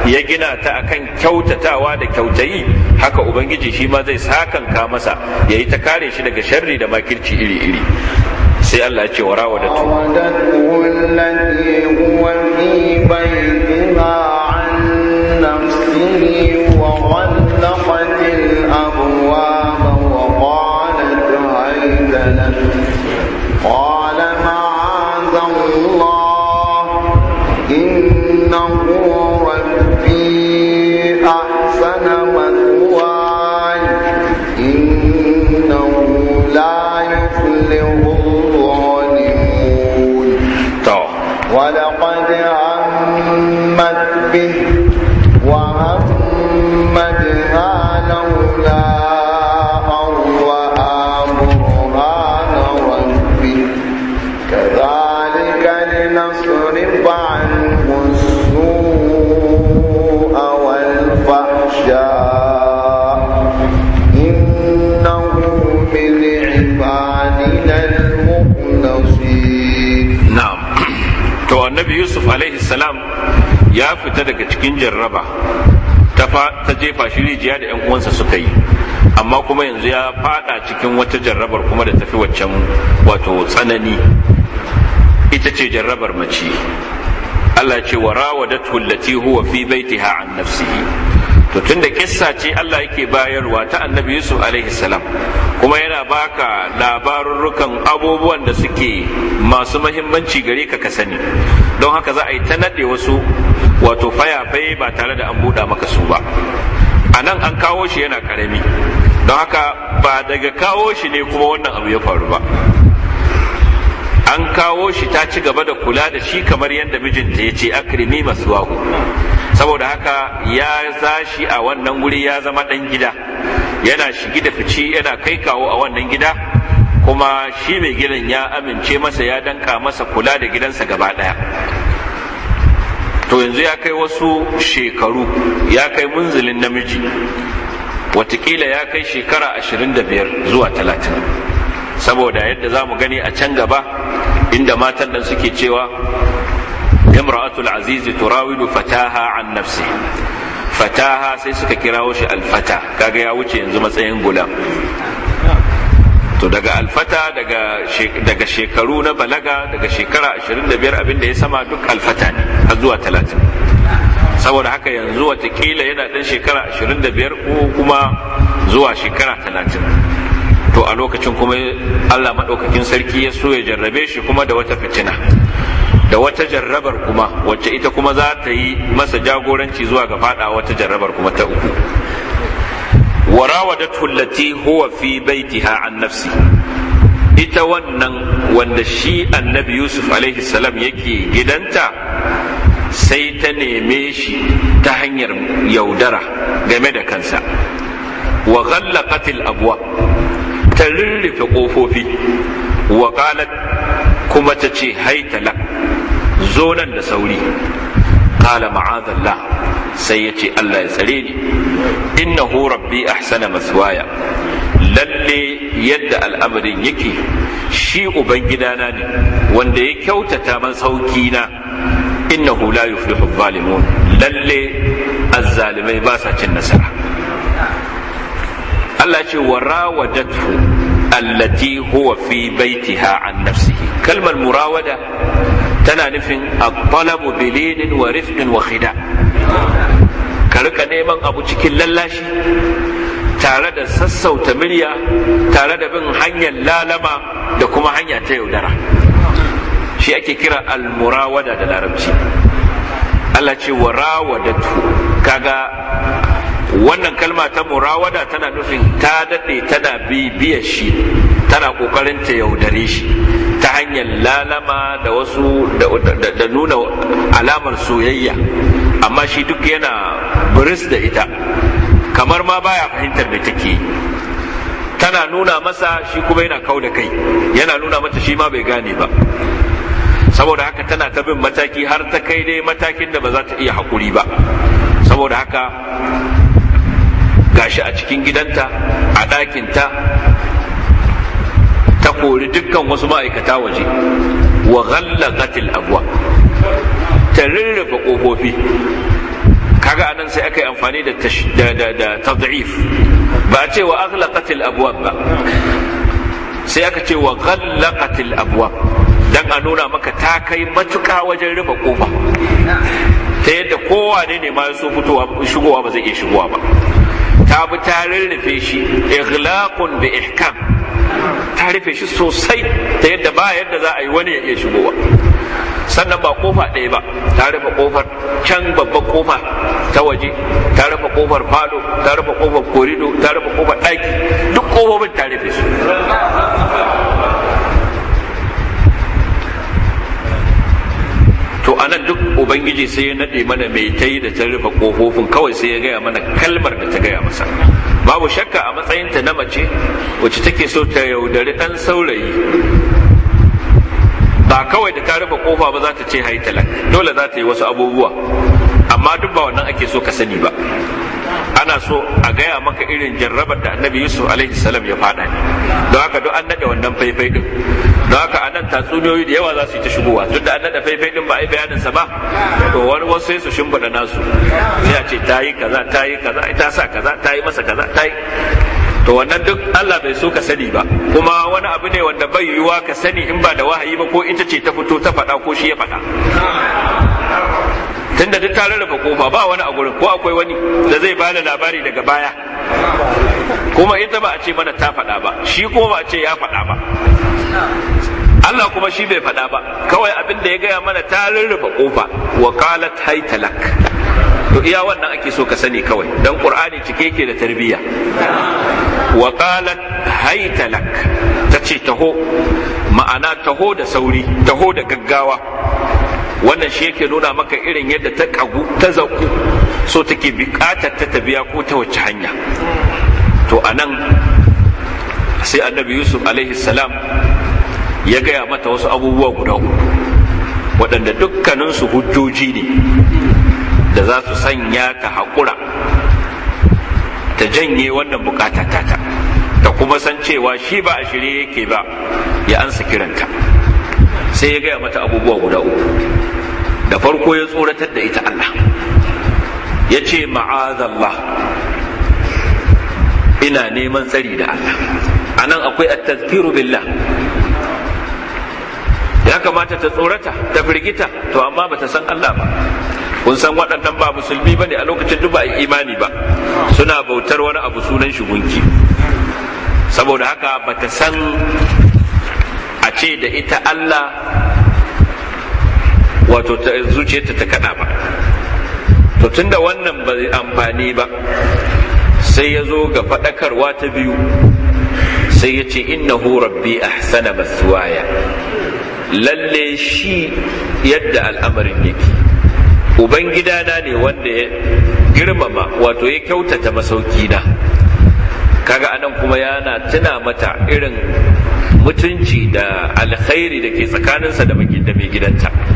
ya gina ta akan kyautatawa da kyautayi haka ubangiji shi ma zai sakanka masa yayi ta kare shi daga sharri da makirci iri-iri sai Allah ya ce wa rawa da tu fita daga cikin jarraba ta jefa shi rijiya da 'yan uwansa suka yi amma kuma yanzu ya fada cikin wata jarrabar kuma da tafi waccan wato tsanani ita ce jarrabar mace Allah ce wa rawadatu allati huwa fi baitiha an nafsihi to tunda kissa ce Allah yake bayarwa ta annabi Yusuf alaihi salam kuma yana baka labarurrukan abubuwan da suke masu mahimmanci gare ka ka sani don haka za a yi ta nade wasu wato fayafai ba tare da an buɗa maka su ba a nan an kawo shi yana karami don haka ba daga kawo shi ne kuma wannan abu ya faru ba an kawo shi ta ci gaba da kula da shi kamar yadda mijinta ya ce akrimi wahu saboda haka ya za shi a wannan guri ya zama ɗan gida yana shigi da fici yana kai kawo a wannan gida kuma shi mai gidan ya amince masa ya danka masa kula da gidansa gaba ɗaya to yanzu ya kai wasu shekaru ya kai munzilin namiji watakila ya kai shekara ashirin da biyar zuwa talatin saboda yadda za mu gani a can gaba inda matan da suke cewa imra'atul azizi turawidu fataha an nafsi fataha sai suka kirawo shi alfata kaga ya wuce yanzu matsayin gulam to daga alfata daga shekaru na balaga daga shekara 25 abin da ya sama duk alfata ne har zuwa 30 saboda haka yanzu watakila yana ɗan shekara 25 ko kuma zuwa shekara 30 to a lokacin kuma allah maɗaukakin sarki ya so ya jarrabe shi kuma da wata fitina da wata jarrabar kuma wacce ita kuma za ta yi masa jagoranci zuwa ga faɗa wata jarrabar kuma ta uku وراودته التي هو في بيتها عن نفسه ita wannan wanda shi annabi yusuf alaihi salam yake gidanta sai ta neme shi ta hanyar yaudara game da kansa wa ghallaqat abwa ta rurrufe kofofi wa qalat kuma ta ce haitala zo nan da sauri qala ma'adallah sai yace Allah ya tsare ni innahu rabbi ahsana maswaya lalle yadda al'amarin yake shi ubangidana ne wanda ya kyautata man na innahu la yuflihu zalimun lalle azzalimai ba sa cin nasara Allah ce wa rawadathu allati huwa fi baitiha an nafsihi kalmar murawada tana nufin a talabu bilinin wa rifqin wa khida ka rika neman abu cikin lallashi tare da sassauta murya tare da bin hanyar lalama da kuma hanya ta yaudara shi ake kira almurawada da larabci Allah ce wa rawadatu kaga wannan kalma ta murawada tana nufin ta daɗe tana bibiyar shi tana kokarin ta yaudare shi ta hanyar lalama da wasu da nuna alamar soyayya amma shi duk yana buris da ita kamar ma baya fahimtar da take tana nuna masa shi kuma yana kau da kai yana nuna mata shi ma bai gane ba saboda haka tana ta bin mataki har ta kai dai matakin da ba za ta iya haƙuri ba saboda haka gashi a cikin gidanta a ɗakinta kori dukkan wasu ma'aikata waje wa ghallaqat al-abwa ta rirrufe kofofi kaga anan sai aka yi amfani da tad'if ba a ce wa aghlaqat al-abwab ba sai aka ce wa ghallaqat al-abwab dan a nuna maka ta kai matuka wajen rufe kofa ta yadda kowa ne ne ma so fitowa shigowa ba zai iya shigowa ba ta bi ta rarrafe shi ighlaqun bi ihkam ta rufe shi sosai ta yadda ba yadda za a yi wani ya iya shigowa sannan ba kofa ɗaya ba ta rufe kofar can babban kofa ta waje ta rufe kofar falo ta rufe kofar korido ta rufe kofar ɗaki duk kofofin ta rufe su a duk ubangiji sai ya naɗe mana mai ta da ta rufe ƙofofin kawai sai ya gaya mana kalmar da ta gaya masa babu shakka a matsayinta na mace wacce take so ta yaudari ɗan saurayi ba kawai da ta rufe kofa ba za ta ce hai dole za ta yi wasu abubuwa amma duk ba wannan ake so ka sani ba ana so a gaya maka irin jarrabar da annabi yusuf alaihi salam ya fada ne don haka duk an naɗe wannan faifai din don haka a nan tatsuniyoyi da yawa za su yi ta shigowa tunda an naɗe faifai din ba a yi bayanin sa ba to wani wasu sai su shimfiɗa nasu sai a ce ta yi kaza ta yi kaza ta sa kaza ta yi masa kaza ta yi to wannan duk Allah bai so ka sani ba kuma wani abu ne wanda bai yiwuwa ka sani in ba da wahayi ba ko ita ce ta fito ta faɗa ko shi ya faɗa tunda duk ta rarraba kofa ba wani a gurin ko akwai wani da zai bada labari daga baya kuma ita ba a ce mana ta faɗa ba shi kuma ba a ce ya faɗa ba Allah kuma shi bai faɗa ba kawai abin da ya gaya mana ta rarraba kofa wa qalat haytalak to iya wannan ake so ka sani kawai dan qur'ani cike yake da tarbiyya wa qalat haytalak tace taho ma'ana taho da sauri taho da gaggawa wannan shi yake nuna maka irin yadda ta kagu ta zaku so take bukatar ta tabiya ko ta wace hanya to anan sai annabi yusuf alaihi salam ya gaya mata wasu abubuwa guda uku waɗanda dukkaninsu hujjoji ne da za su sanya ta haƙura ta janye wannan bukata tata ta kuma san cewa shi ba a shirye yake ba ya ansa kiranta sai ya gaya mata abubuwa guda uku da farko ya tsoratar da ita Allah ya ce ma'azallah ina neman tsari da Allah a nan akwai attazkiru billah ya kamata ta tsorata ta firgita to amma ba ta san Allah ba kun san waɗannan ba musulmi ba ne a lokacin duk ba imani ba suna bautar wani abu sunan shi saboda haka ba ta san a ce da ita Allah wato ta zuciyarta ta ta kaɗa ba to tunda wannan ba amfani ba sai ya zo ga faɗakarwa ta biyu sai ya ce innahu rabbi ahsana maswaya lalle shi yadda al'amarin yake ubangidana ne wanda ya girmama wato ya kyautata masauki masaukina kaga anan kuma yana tuna mata irin mutunci da alkhairi da ke tsakaninsa da mai gidanta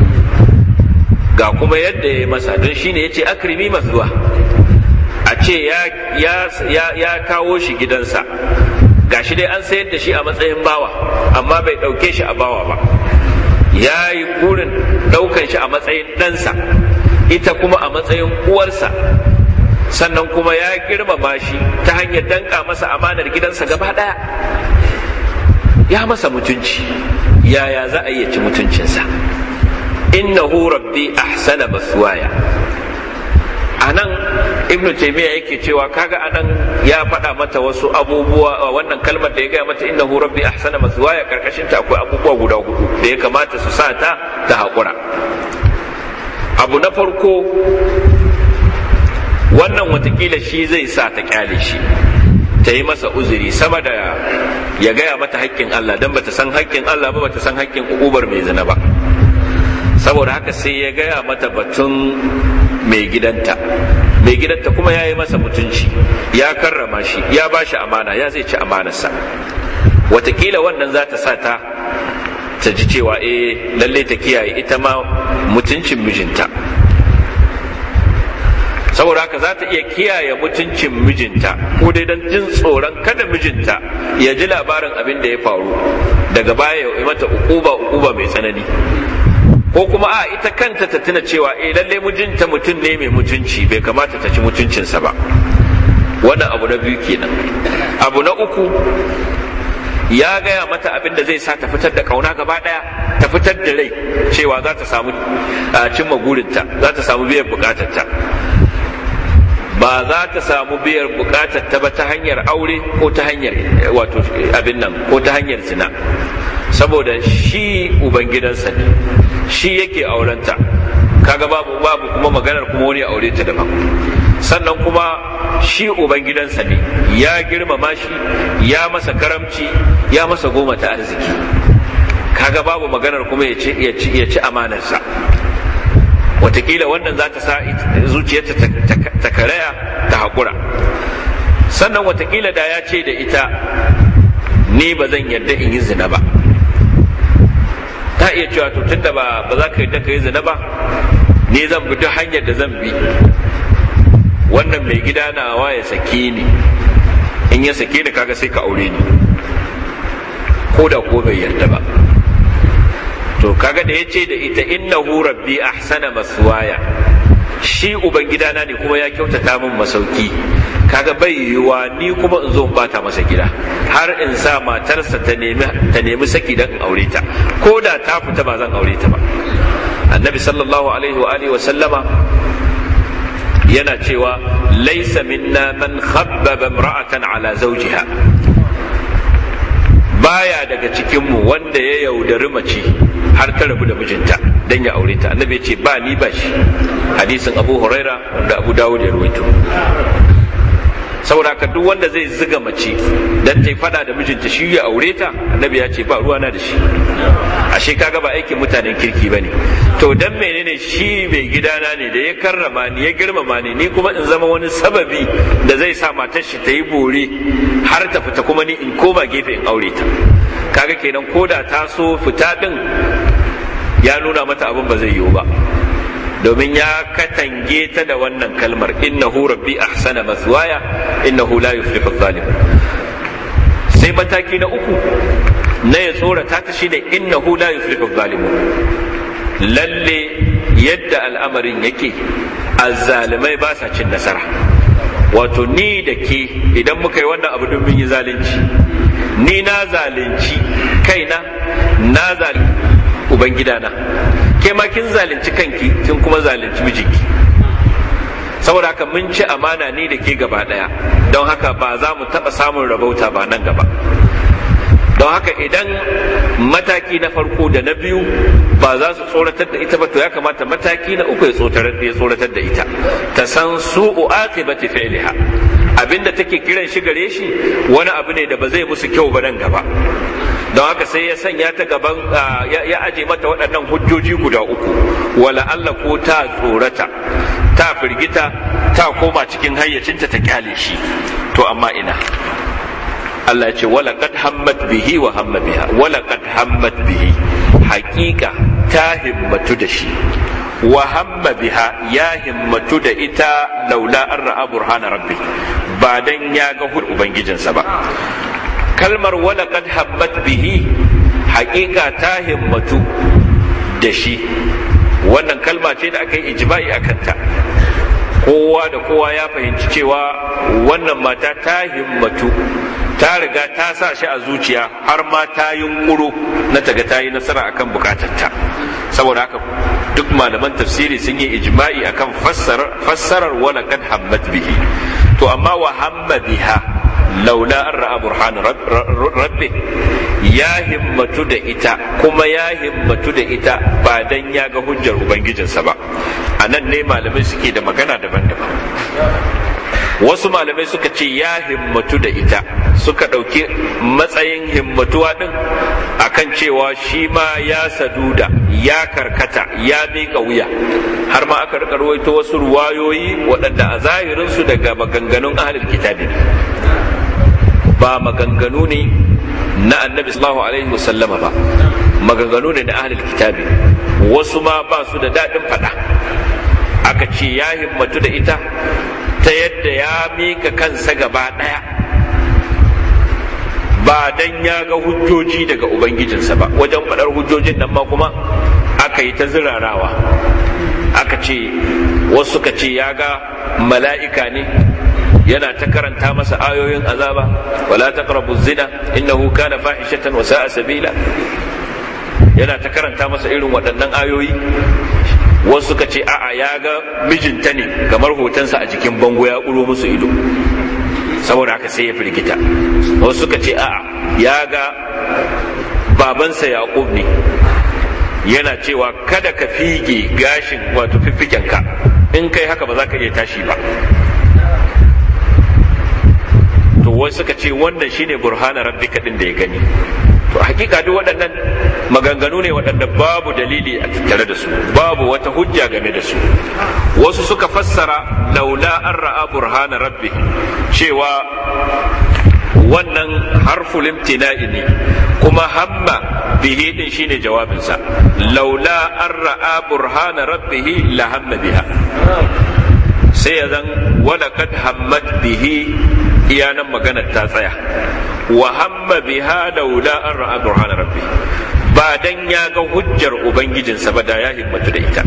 ga kuma yadda ya masa don shine ya ce akrimi masuwa a ce ya kawo shi gidansa ga shi dai an sayar da shi a matsayin bawa amma bai ɗauke shi a bawa ba ya yi kurin ɗaukan shi a matsayin ɗansa ita kuma a matsayin uwarsa sannan kuma ya girmama shi ta hanyar danka masa amanar gidansa gaba ɗaya ya masa mutunci yaya za a iya ci mutuncinsa innahu rabbi ahsana maswaya anan ibnu taymiya yake cewa kaga anan ya faɗa mata wasu abubuwa wannan kalmar da ya gaya mata innahu rabbi ahsana maswaya karkashin ta akwai abubuwa guda hudu da ya kamata su sa ta ta haƙura abu na farko wannan watakila shi zai sa ta kyale shi ta yi masa uzuri sama da ya gaya mata haƙƙin Allah don bata san haƙƙin Allah ba bata san haƙƙin ƙubar mai zina ba saboda haka sai ya gaya mata batun mai gidanta mai gidanta kuma ya yi masa mutunci ya karrama shi ya ba shi amana ya zai ci amanarsa watakila wannan za ta sa ta ta ji cewa e eh, lalle ta kiyaye ita ma mutuncin mijinta saboda haka za ta iya kiyaye mutuncin mijinta ko dai don jin tsoron kada mijinta ya ji labarin abin da ya faru daga baya ya mata ukuba ukuba mai tsanani ko kuma a ita kanta ta tuna cewa eh lalle mujinta mutum ne mai mutunci bai kamata ta ci mutuncinsa ba wannan abu na biyu kenan abu na uku ya gaya mata abin da zai sa ta fitar da kauna gaba daya ta fitar da rai cewa za ta samu cimma gurinta za ta samu biyan bukatarta ba za ta samu biyar bukatar ba ta hanyar aure ko ta hanyar wato abin nan ko ta hanyar zina saboda shi ubangidansa ne shi yake aurenta kaga babu babu kuma maganar kuma wani aure ta daban sannan kuma shi ubangidansa ne ya girmama shi ya masa karamci ya masa goma ta arziki kaga babu maganar kuma ya ci amanarsa watakila wannan za ta sa zuciyarta ta karaya ta haƙura sannan watakila da ya ce da ita ni ba zan yarda in yi zina ba ta iya cewa to tunda ba ba za ka yi ta yi zina ba ne zan bi duk hanyar da zan bi wannan mai gida nawa ya sake ni in ya sake ni kaga sai ka aure ni ko da ko bai yarda ba to kaga da yace da ita innahu rabbi ahsana maswaya shi ubangidana ne kuma ya kyautata min masauki kaga bai yiwuwa ni kuma in zo in bata masa gida har in sa matarsa ta nemi saki dan aure ta ko da ta fita ba zan aure ta ba annabi sallallahu alaihi wa alihi wa sallama yana cewa laisa minna man khabbaba imra'atan ala zawjiha baya daga cikinmu wanda ya yaudari mace har ta rabu da mijinta dan ya aure ta annabi ya ce ba ni ba shi hadisin abu huraira wanda abu dawud ya ruwaito saboda ka duk wanda zai ziga mace dan ta fada da mijinta shi ya aure ta annabi ya ce ba ruwa na da shi ashe kaga ba aikin mutanen kirki bane to dan menene shi mai gidana ne da ya karrama ni ya girmama ni ni kuma in zama wani sababi da zai sa matar shi ta yi bore har ta fita kuma ni in koma gefe in aure ta kaga kenan koda ta so fita din ya nuna mata abin ba zai yiwu ba domin ya katange ta da wannan kalmar innahu rabbi ahsana maswaya innahu la yuflihu zalimun sai mataki na uku na ya tsorata ta shi da innahu la yuflihu zalimun lalle yadda al'amarin yake azzalimai ba sa cin nasara wato ni da ke idan muka yi wannan abu domin yi zalunci ni na zalunci kaina na zalunci ubangidana ke ma kin zalunci kanki kin kuma zalunci mijinki saboda haka mun ci amana ni da ke gaba daya don haka ba za mu taɓa samun rabauta ba nan gaba don haka idan mataki na farko da na biyu ba za su tsoratar da ita ba to ya kamata mataki na uku ya tsoratar da ita ta san su su'u aqibati fi'liha abinda take kiran shi gare shi wani abu ne da ba zai musu kyau ba nan gaba don haka sai ya sanya ta gaban ya aje mata waɗannan hujjoji guda uku wala Allah ko ta tsorata ta firgita ta koma cikin hayyacinta ta kyale shi to amma ina Allah ce wala kad hammat bihi wa hamma biha wala kad hammat bihi haƙiƙa ta himmatu da shi wa hamma biha ya himmatu da ita laula an ra'a burhana rabbi ba dan ya ga ubangijinsa ba kalmar walaƙad habbat bihi haƙiƙa ta himmatu da shi wannan kalma ce da aka yi ijma'i a kanta kowa da kowa ya fahimci cewa wannan mata ta himmatu ta riga ta sa shi a zuciya har ma ta yunƙuro na taga ta yi nasara akan bukatarta saboda haka duk malaman tafsiri sun yi ijma'i akan fassarar walaƙad habbat bihi to amma wa hamma biha laula an ra'a burhan rabbi ya himmatu da ita kuma ya himmatu da ita ba dan ya ga hujjar ubangijinsa ba anan ne malamai suke da magana daban-daban wasu malamai suka ce ya himmatu da ita suka ɗauki matsayin himmatuwa ɗin kan cewa shi ma ya saduda ya karkata ya miƙa wuya har ma aka rika wasu ruwayoyi waɗanda a zahirinsu daga maganganun ahalin kitabi ba maganganu ne na annabi sallallahu alaihi wasallama ba maganganu ne na ahlul kitabi wasu ma ba su da daɗin faɗa aka ce ya himmatu da ita ta yadda ya mika kansa gaba ɗaya ba dan ya ga hujjoji daga ubangijinsa ba wajen faɗar hujjojin nan ma kuma aka yi ta zirarawa aka ce wasu ka ce ya ga mala'ika ne yana ta karanta masa ayoyin azaba wala taqrabu zina innahu kana fahishatan wa sa'a sabila yana ta karanta masa irin waɗannan ayoyi wasu suka ce a'a ya ga mijinta ne kamar hotonsa a jikin bango ya ƙuro musu ido saboda haka sai ya firgita wasu suka ce a'a ya ga babansa yaƙub ne yana cewa kada ka fige gashin wato ka, in kai haka ba za ka iya tashi ba wai suka ce wannan shine burhana rabbika din da ya gani to hakika duk waɗannan maganganu ne waɗanda babu dalili a tattare da su babu wata hujja game da su wasu suka fassara laula an ra'a burhana rabbi cewa wannan harful imtina'i ne kuma hamma bihi din shine jawabinsa laula an ra'a burhana rabbihi la hamma biha sai ya zan walaqad hammat bihi iya nan maganar ta tsaya wa hamma biha laula an ra'a burhana rabbi ba dan ya ga hujjar ubangijinsa ba da ya himmatu da ita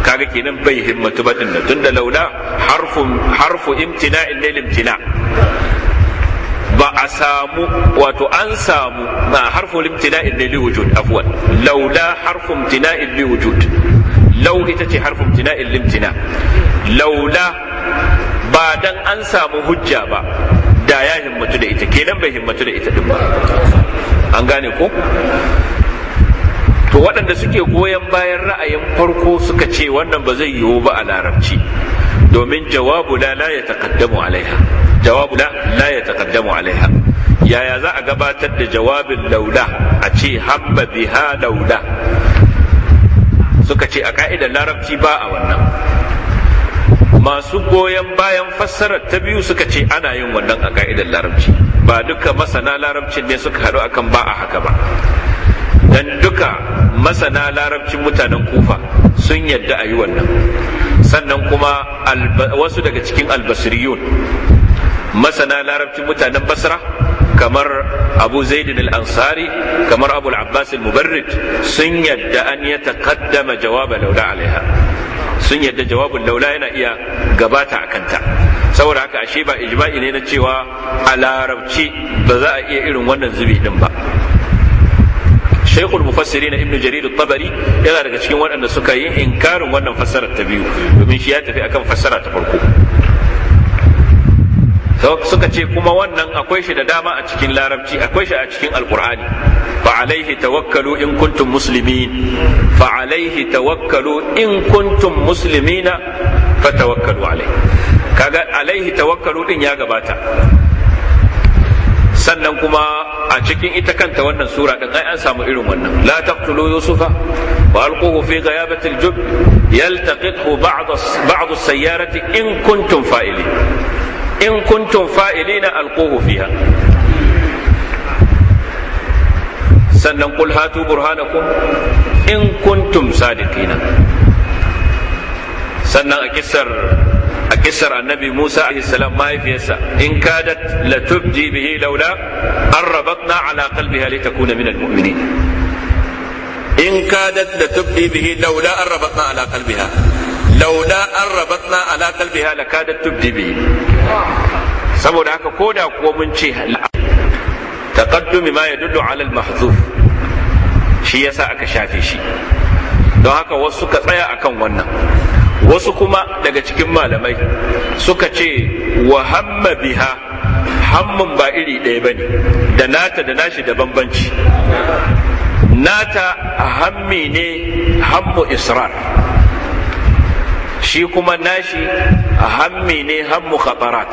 kaga kenan bai himmatu ba din tunda laula harfu harfu imtina'in lil imtina ba a samu wato an samu na harfu imtina'in lil wujud afwan laula harfu imtina'in lil wujud law ita ce harfu imtina'in lil imtina laula ba dan an samu hujja ba da ya himmatu da ita kenan bai himmatu da ita din ba an gane ko to waɗanda suke goyon bayan ra'ayin farko suka ce wannan ba zai yiwu ba a larabci domin jawabu la la ya taqaddamu alaiha jawabu la la ya taqaddamu alaiha yaya za a gabatar da jawabin laula a ce "Hamba biha laula suka ce a ka'idar larabci ba a wannan masu goyon bayan fassarar ta biyu suka ce ana yin wannan a ka'idar larabci ba duka masana larabcin ne suka haɗu akan ba a haka ba dan duka masana larabcin mutanen kufa sun yadda a yi wannan sannan kuma wasu daga cikin albasiriyun masana larabcin mutanen basra kamar abu zaidin al-ansari kamar abu al-abbas al-mubarrid sun yadda an ya taqaddama jawaba laula alaiha sun yadda jawabin laula yana iya gabata a kanta saboda haka ashe ba ijma'i ne na cewa a larabci ba za a iya irin wannan zubi din ba shaykhul mufassirin ibn jarir at-tabari yana daga cikin waɗanda suka yi inkarin wannan fassarar ta biyu domin shi ya tafi akan fassara ta farko suka ce kuma wannan akwai shi da dama a cikin larabci akwai shi a cikin alkur'ani fa alaihi tawakkalu in kuntum muslimin fa alaihi tawakkalu in kuntum muslimina fa tawakkalu alaihi kaga alaihi tawakkalu din ya gabata sannan kuma a cikin ita kanta wannan sura din ai an samu irin wannan la taqtulu yusufa wa alquhu fi ghayabati aljub yaltaqithu ba'd ba'd as-sayyarati in kuntum fa'ilin in kuntum fa'ilina alquhu fiha sannan qul hatu burhanakum in kuntum sadiqina sannan a kissar a kissar annabi Musa alaihi salam mahaifiyarsa in kadat latubdi bihi laula an rabatna ala qalbiha litakuna min almu'minin in kadat latubdi bihi laula an rabatna ala qalbiha Lauda an rabatna ala qalbiha lakadat tubdi Tubdibi? saboda haka da kuwa mun ce taqaddumi ma yadullu ala al-mahzuf shi yasa aka shafe shi don haka wasu suka tsaya akan wannan wasu kuma daga cikin malamai suka ce wa hamma biha hammun ba iri ɗaya bane da nata da nashi da bambanci nata hammi ne hammu israr shi kuma nashi hammi ne hammu khabarat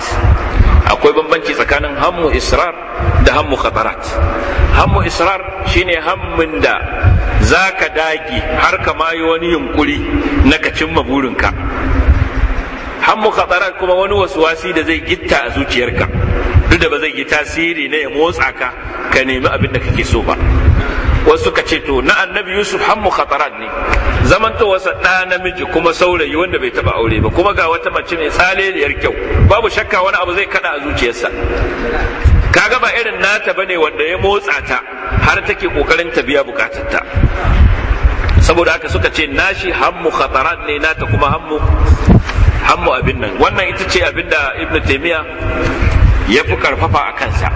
akwai bambanci tsakanin hammu israr da hammu khabarat hammu israr shine hammin da zaka ka dage har ka mayo wani yunkuri na ka cimma burinka hammu khabarat kuma wani wasuwasi da zai gitta a zuciyarka duk da ba zai yi tasiri na ya motsa ka ka nemi abin da kake so ba wasu ka ce to na annabi yusuf hammu khataran ne zamantowarsa ɗa namiji kuma saurayi wanda bai taba aure ba kuma ga wata mace mai tsaleliyar kyau babu shakka wani abu zai kada a zuciyarsa kaga ba irin nata bane wanda ya motsa ta har take kokarin ta biya bukatarta saboda haka suka ce nashi hammu khataran ne nata kuma hammu hammu abin nan wannan ita ce abin da ibnu taymiya ya fi karfafa a kansa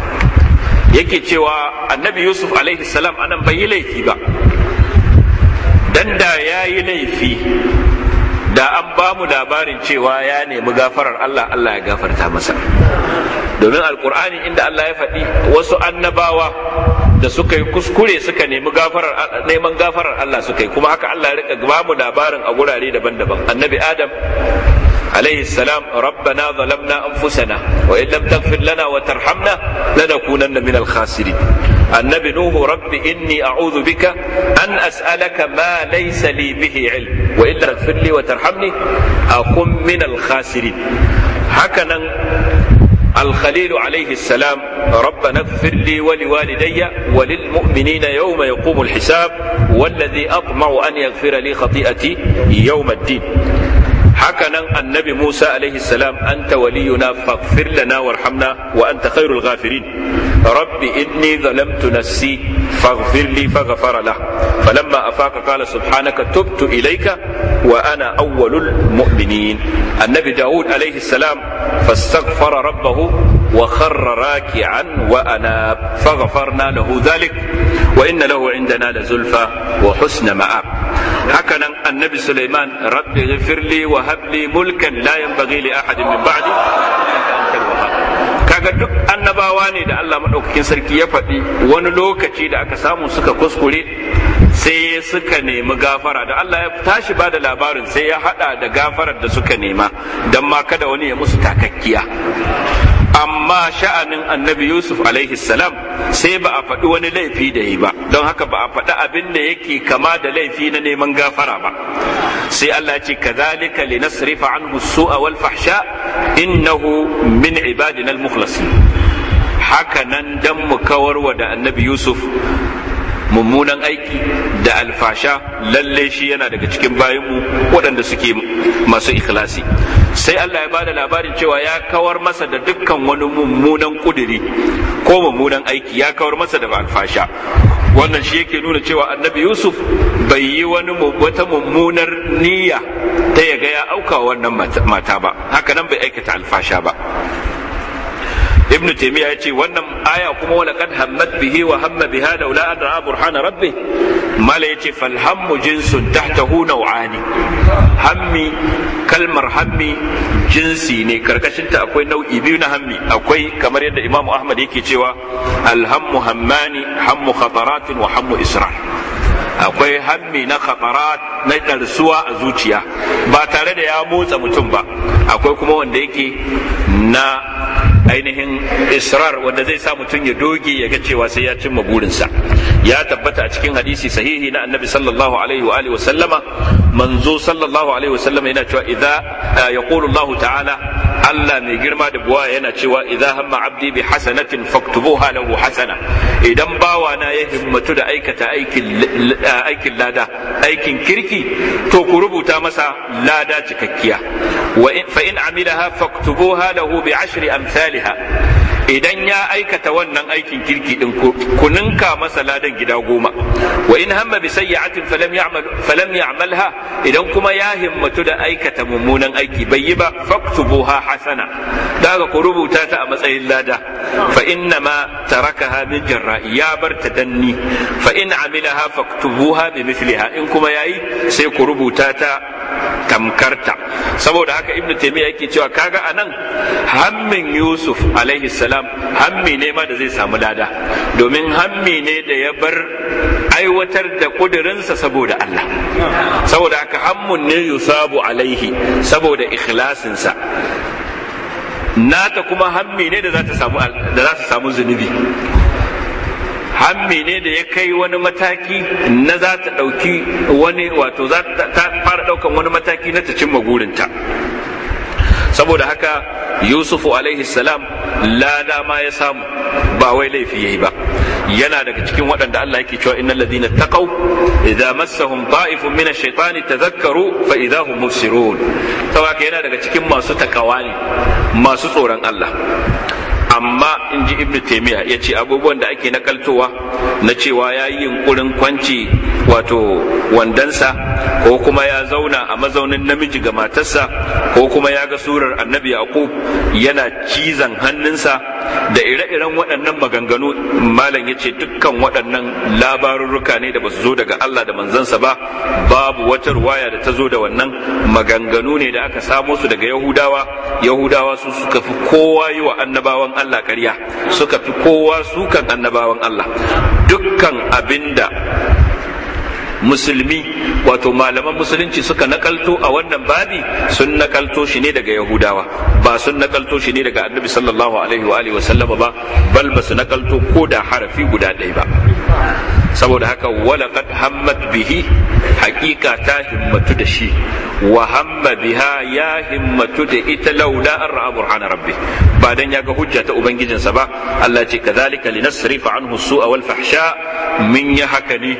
yake cewa annabi yusuf alaihi salam anan bai yi laifi ba dan da ya yi laifi da an ba mu labarin cewa ya nemi gafarar Allah Allah ya gafarta masa domin alkur'ani inda Allah ya faɗi wasu annabawa da suka yi kuskure suka nemi gafarar neman gafarar Allah suka yi kuma haka Allah ya rika ba mu labarin a gurare daban-daban annabi Adam عليه السلام ربنا ظلمنا أنفسنا وإن لم تغفر لنا وترحمنا لنكونن من الخاسرين النبي نوح رب إني أعوذ بك أن أسألك ما ليس لي به علم وإلا تغفر لي وترحمني أكن من الخاسرين هكذا الخليل عليه السلام ربنا اغفر لي ولوالدي وللمؤمنين يوم يقوم الحساب والذي أطمع أن يغفر لي خطيئتي يوم الدين haka nan annabi Musa alaihi salam anta waliyuna faghfir lana warhamna wa anta khairul ghafirin rabbi inni zalamtu nafsi faghfir li faghfara lah falamma afaka qala subhanaka tubtu ilayka wa ana awwalul mu'minin annabi daud alaihi salam fastaghfara rabbahu wa wa kharra raki'an ana faghfarna lahu dhalik wa inna lahu indana lazulfa wa husna مآب haka nan annabi suleiman rabbi ghfirli wa habli mulkan la yanbaghi li ahadin min ba'di kaga duk annabawa ne da Allah madaukakin sarki ya faɗi wani lokaci da aka samu suka kuskure sai suka nemi gafara da Allah ya tashi ba da labarin sai ya haɗa da gafarar da suka nema don ma kada wani ya musu takakkiya amma sha'anin annabi yusuf alaihi salam sai ba a faɗi wani laifi da yi ba don haka ba a faɗi abin da yake kama da laifi na neman gafara ba sai allah ce kazalika nasrifa anhu su'a wal fahsha innahu min ibadina al-mukhlasin haka nan dan mu wa da annabi yusuf mummunan aiki da alfasha lalle shi yana daga cikin bayanmu waɗanda suke masu ikhlasi sai Allah ya bada labarin cewa ya kawar masa da dukkan wani mummunan kuduri ko mummunan aiki ya kawar masa da alfasha wannan shi yake nuna cewa annabi yusuf bai yi wani wata mummunar niyya ta ya ga ya auka wannan mata ba haka nan bai aikata alfasha ba ibnu taymiya ya ce wannan aya kuma wala kad hammat bihi wa hamma biha da an ra'a burhan rabbi mala yace fal hammu jinsun tahtahu naw'ani hammi kalmar hammi jinsi ne karkashinta akwai nau'i biyu na hammi akwai kamar yadda imam ahmad yake cewa alhammu hammani hammu khataratin wa hammu israr akwai hammi na khatarat na ɗarsuwa a zuciya ba tare da ya motsa mutum ba akwai kuma wanda yake na ainihin israr wanda zai sa mutum ya doge ya ga cewa sai ya cimma burinsa ya tabbata a cikin hadisi sahihi na annabi sallallahu alaihi wa alihi wasallama manzo sallallahu alaihi wasallama yana cewa idza eh, yaqulu Allah ta'ala Allah mai girma da buwa yana cewa idza hamma abdi bi hasanatin faktubuha lahu hasana idan bawa na ya himmatu da aikata aikin eh, aikin lada aikin kirki to ku rubuta masa lada cikakkiya wa fa in amilaha faktubuha lahu bi ashri amsalha idan ya aikata wannan aikin kirki din kuninka masa ladan gida goma wa in hamma bi sayyi'atin falam ya'mal falam ya'malha idan kuma ya himmatu da aikata mummunan aiki bai yi ba faktubuha hasana daga ku rubuta ta a matsayin lada fa inna ma tarakaha min jarra'i ya bar ta danni fa in amilaha faktubuha bi mithliha in kuma yayi sai ku rubuta ta tamkarta saboda haka ibnu taymiya yake cewa kaga anan hammin yusuf alaihi salam hammi ne ma da zai samu lada domin hammi ne da ya bar aiwatar da kudurinsa saboda Allah saboda haka hammun ne yusabu alaihi saboda ikhlasinsa nata kuma hammi ne da za ta samu da zunubi hammi ne da ya kai wani mataki na za ta ɗauki wani wato za ta fara ɗaukan wani mataki na ta cimma gurinta saboda haka yusufu alaihi salam lada ma ya samu ba wai laifi yayi ba yana daga cikin waɗanda Allah yake cewa innal ladina taqaw idza massahum ta'ifun min ash-shaytani tadhakkaru fa idza hum saboda yana daga cikin masu takawa ne masu tsoron Allah amma in ji ibn taimiyya ya ce abubuwan da ake nakaltowa na cewa ya yi yunkurin kwanci wato wandansa ko kuma ya zauna a mazaunin namiji ga matarsa ko kuma ya ga surar annabi yaqub yana cizan hannunsa da ire-iren waɗannan maganganu malam ya ce dukkan waɗannan labarurruka ne da ba su zo daga Allah da manzansa ba babu wata ruwaya da ta zo da wannan maganganu ne da aka samo su daga yahudawa yahudawa su suka fi kowa yi wa annabawan Allah karya, suka fi kowa sukan annabawan Allah dukkan abinda musulmi wato malaman musulunci suka nakalto a wannan babi sun nakalto shi ne daga yahudawa ba sun nakalto shi ne daga annabi sallallahu alaihi wa alihi wa sallama ba bal ba su nakalto ko da harafi guda ɗaya ba saboda haka walaqad hammat bihi haƙiƙa ta himmatu da shi wa hamma biha ya himmatu da ita laula an ra'a burhana rabbi ba dan ya ga hujja ta ubangijinsa ba Allah ce kadhalika linasrifa anhu su'a wal fahsha min ya haka ne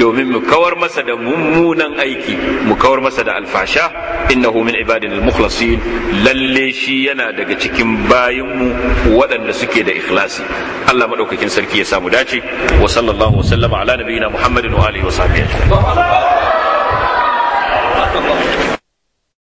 domin mu kawar masa da mummunan aiki mu kawar masa da alfasha innahu min ibadina al-mukhlasin lalle shi yana daga cikin bayinmu waɗanda suke da ikhlasi Allah madaukakin sarki ya samu dace wa sallallahu wa sallama على نبينا محمد واله وصحبه اجمعين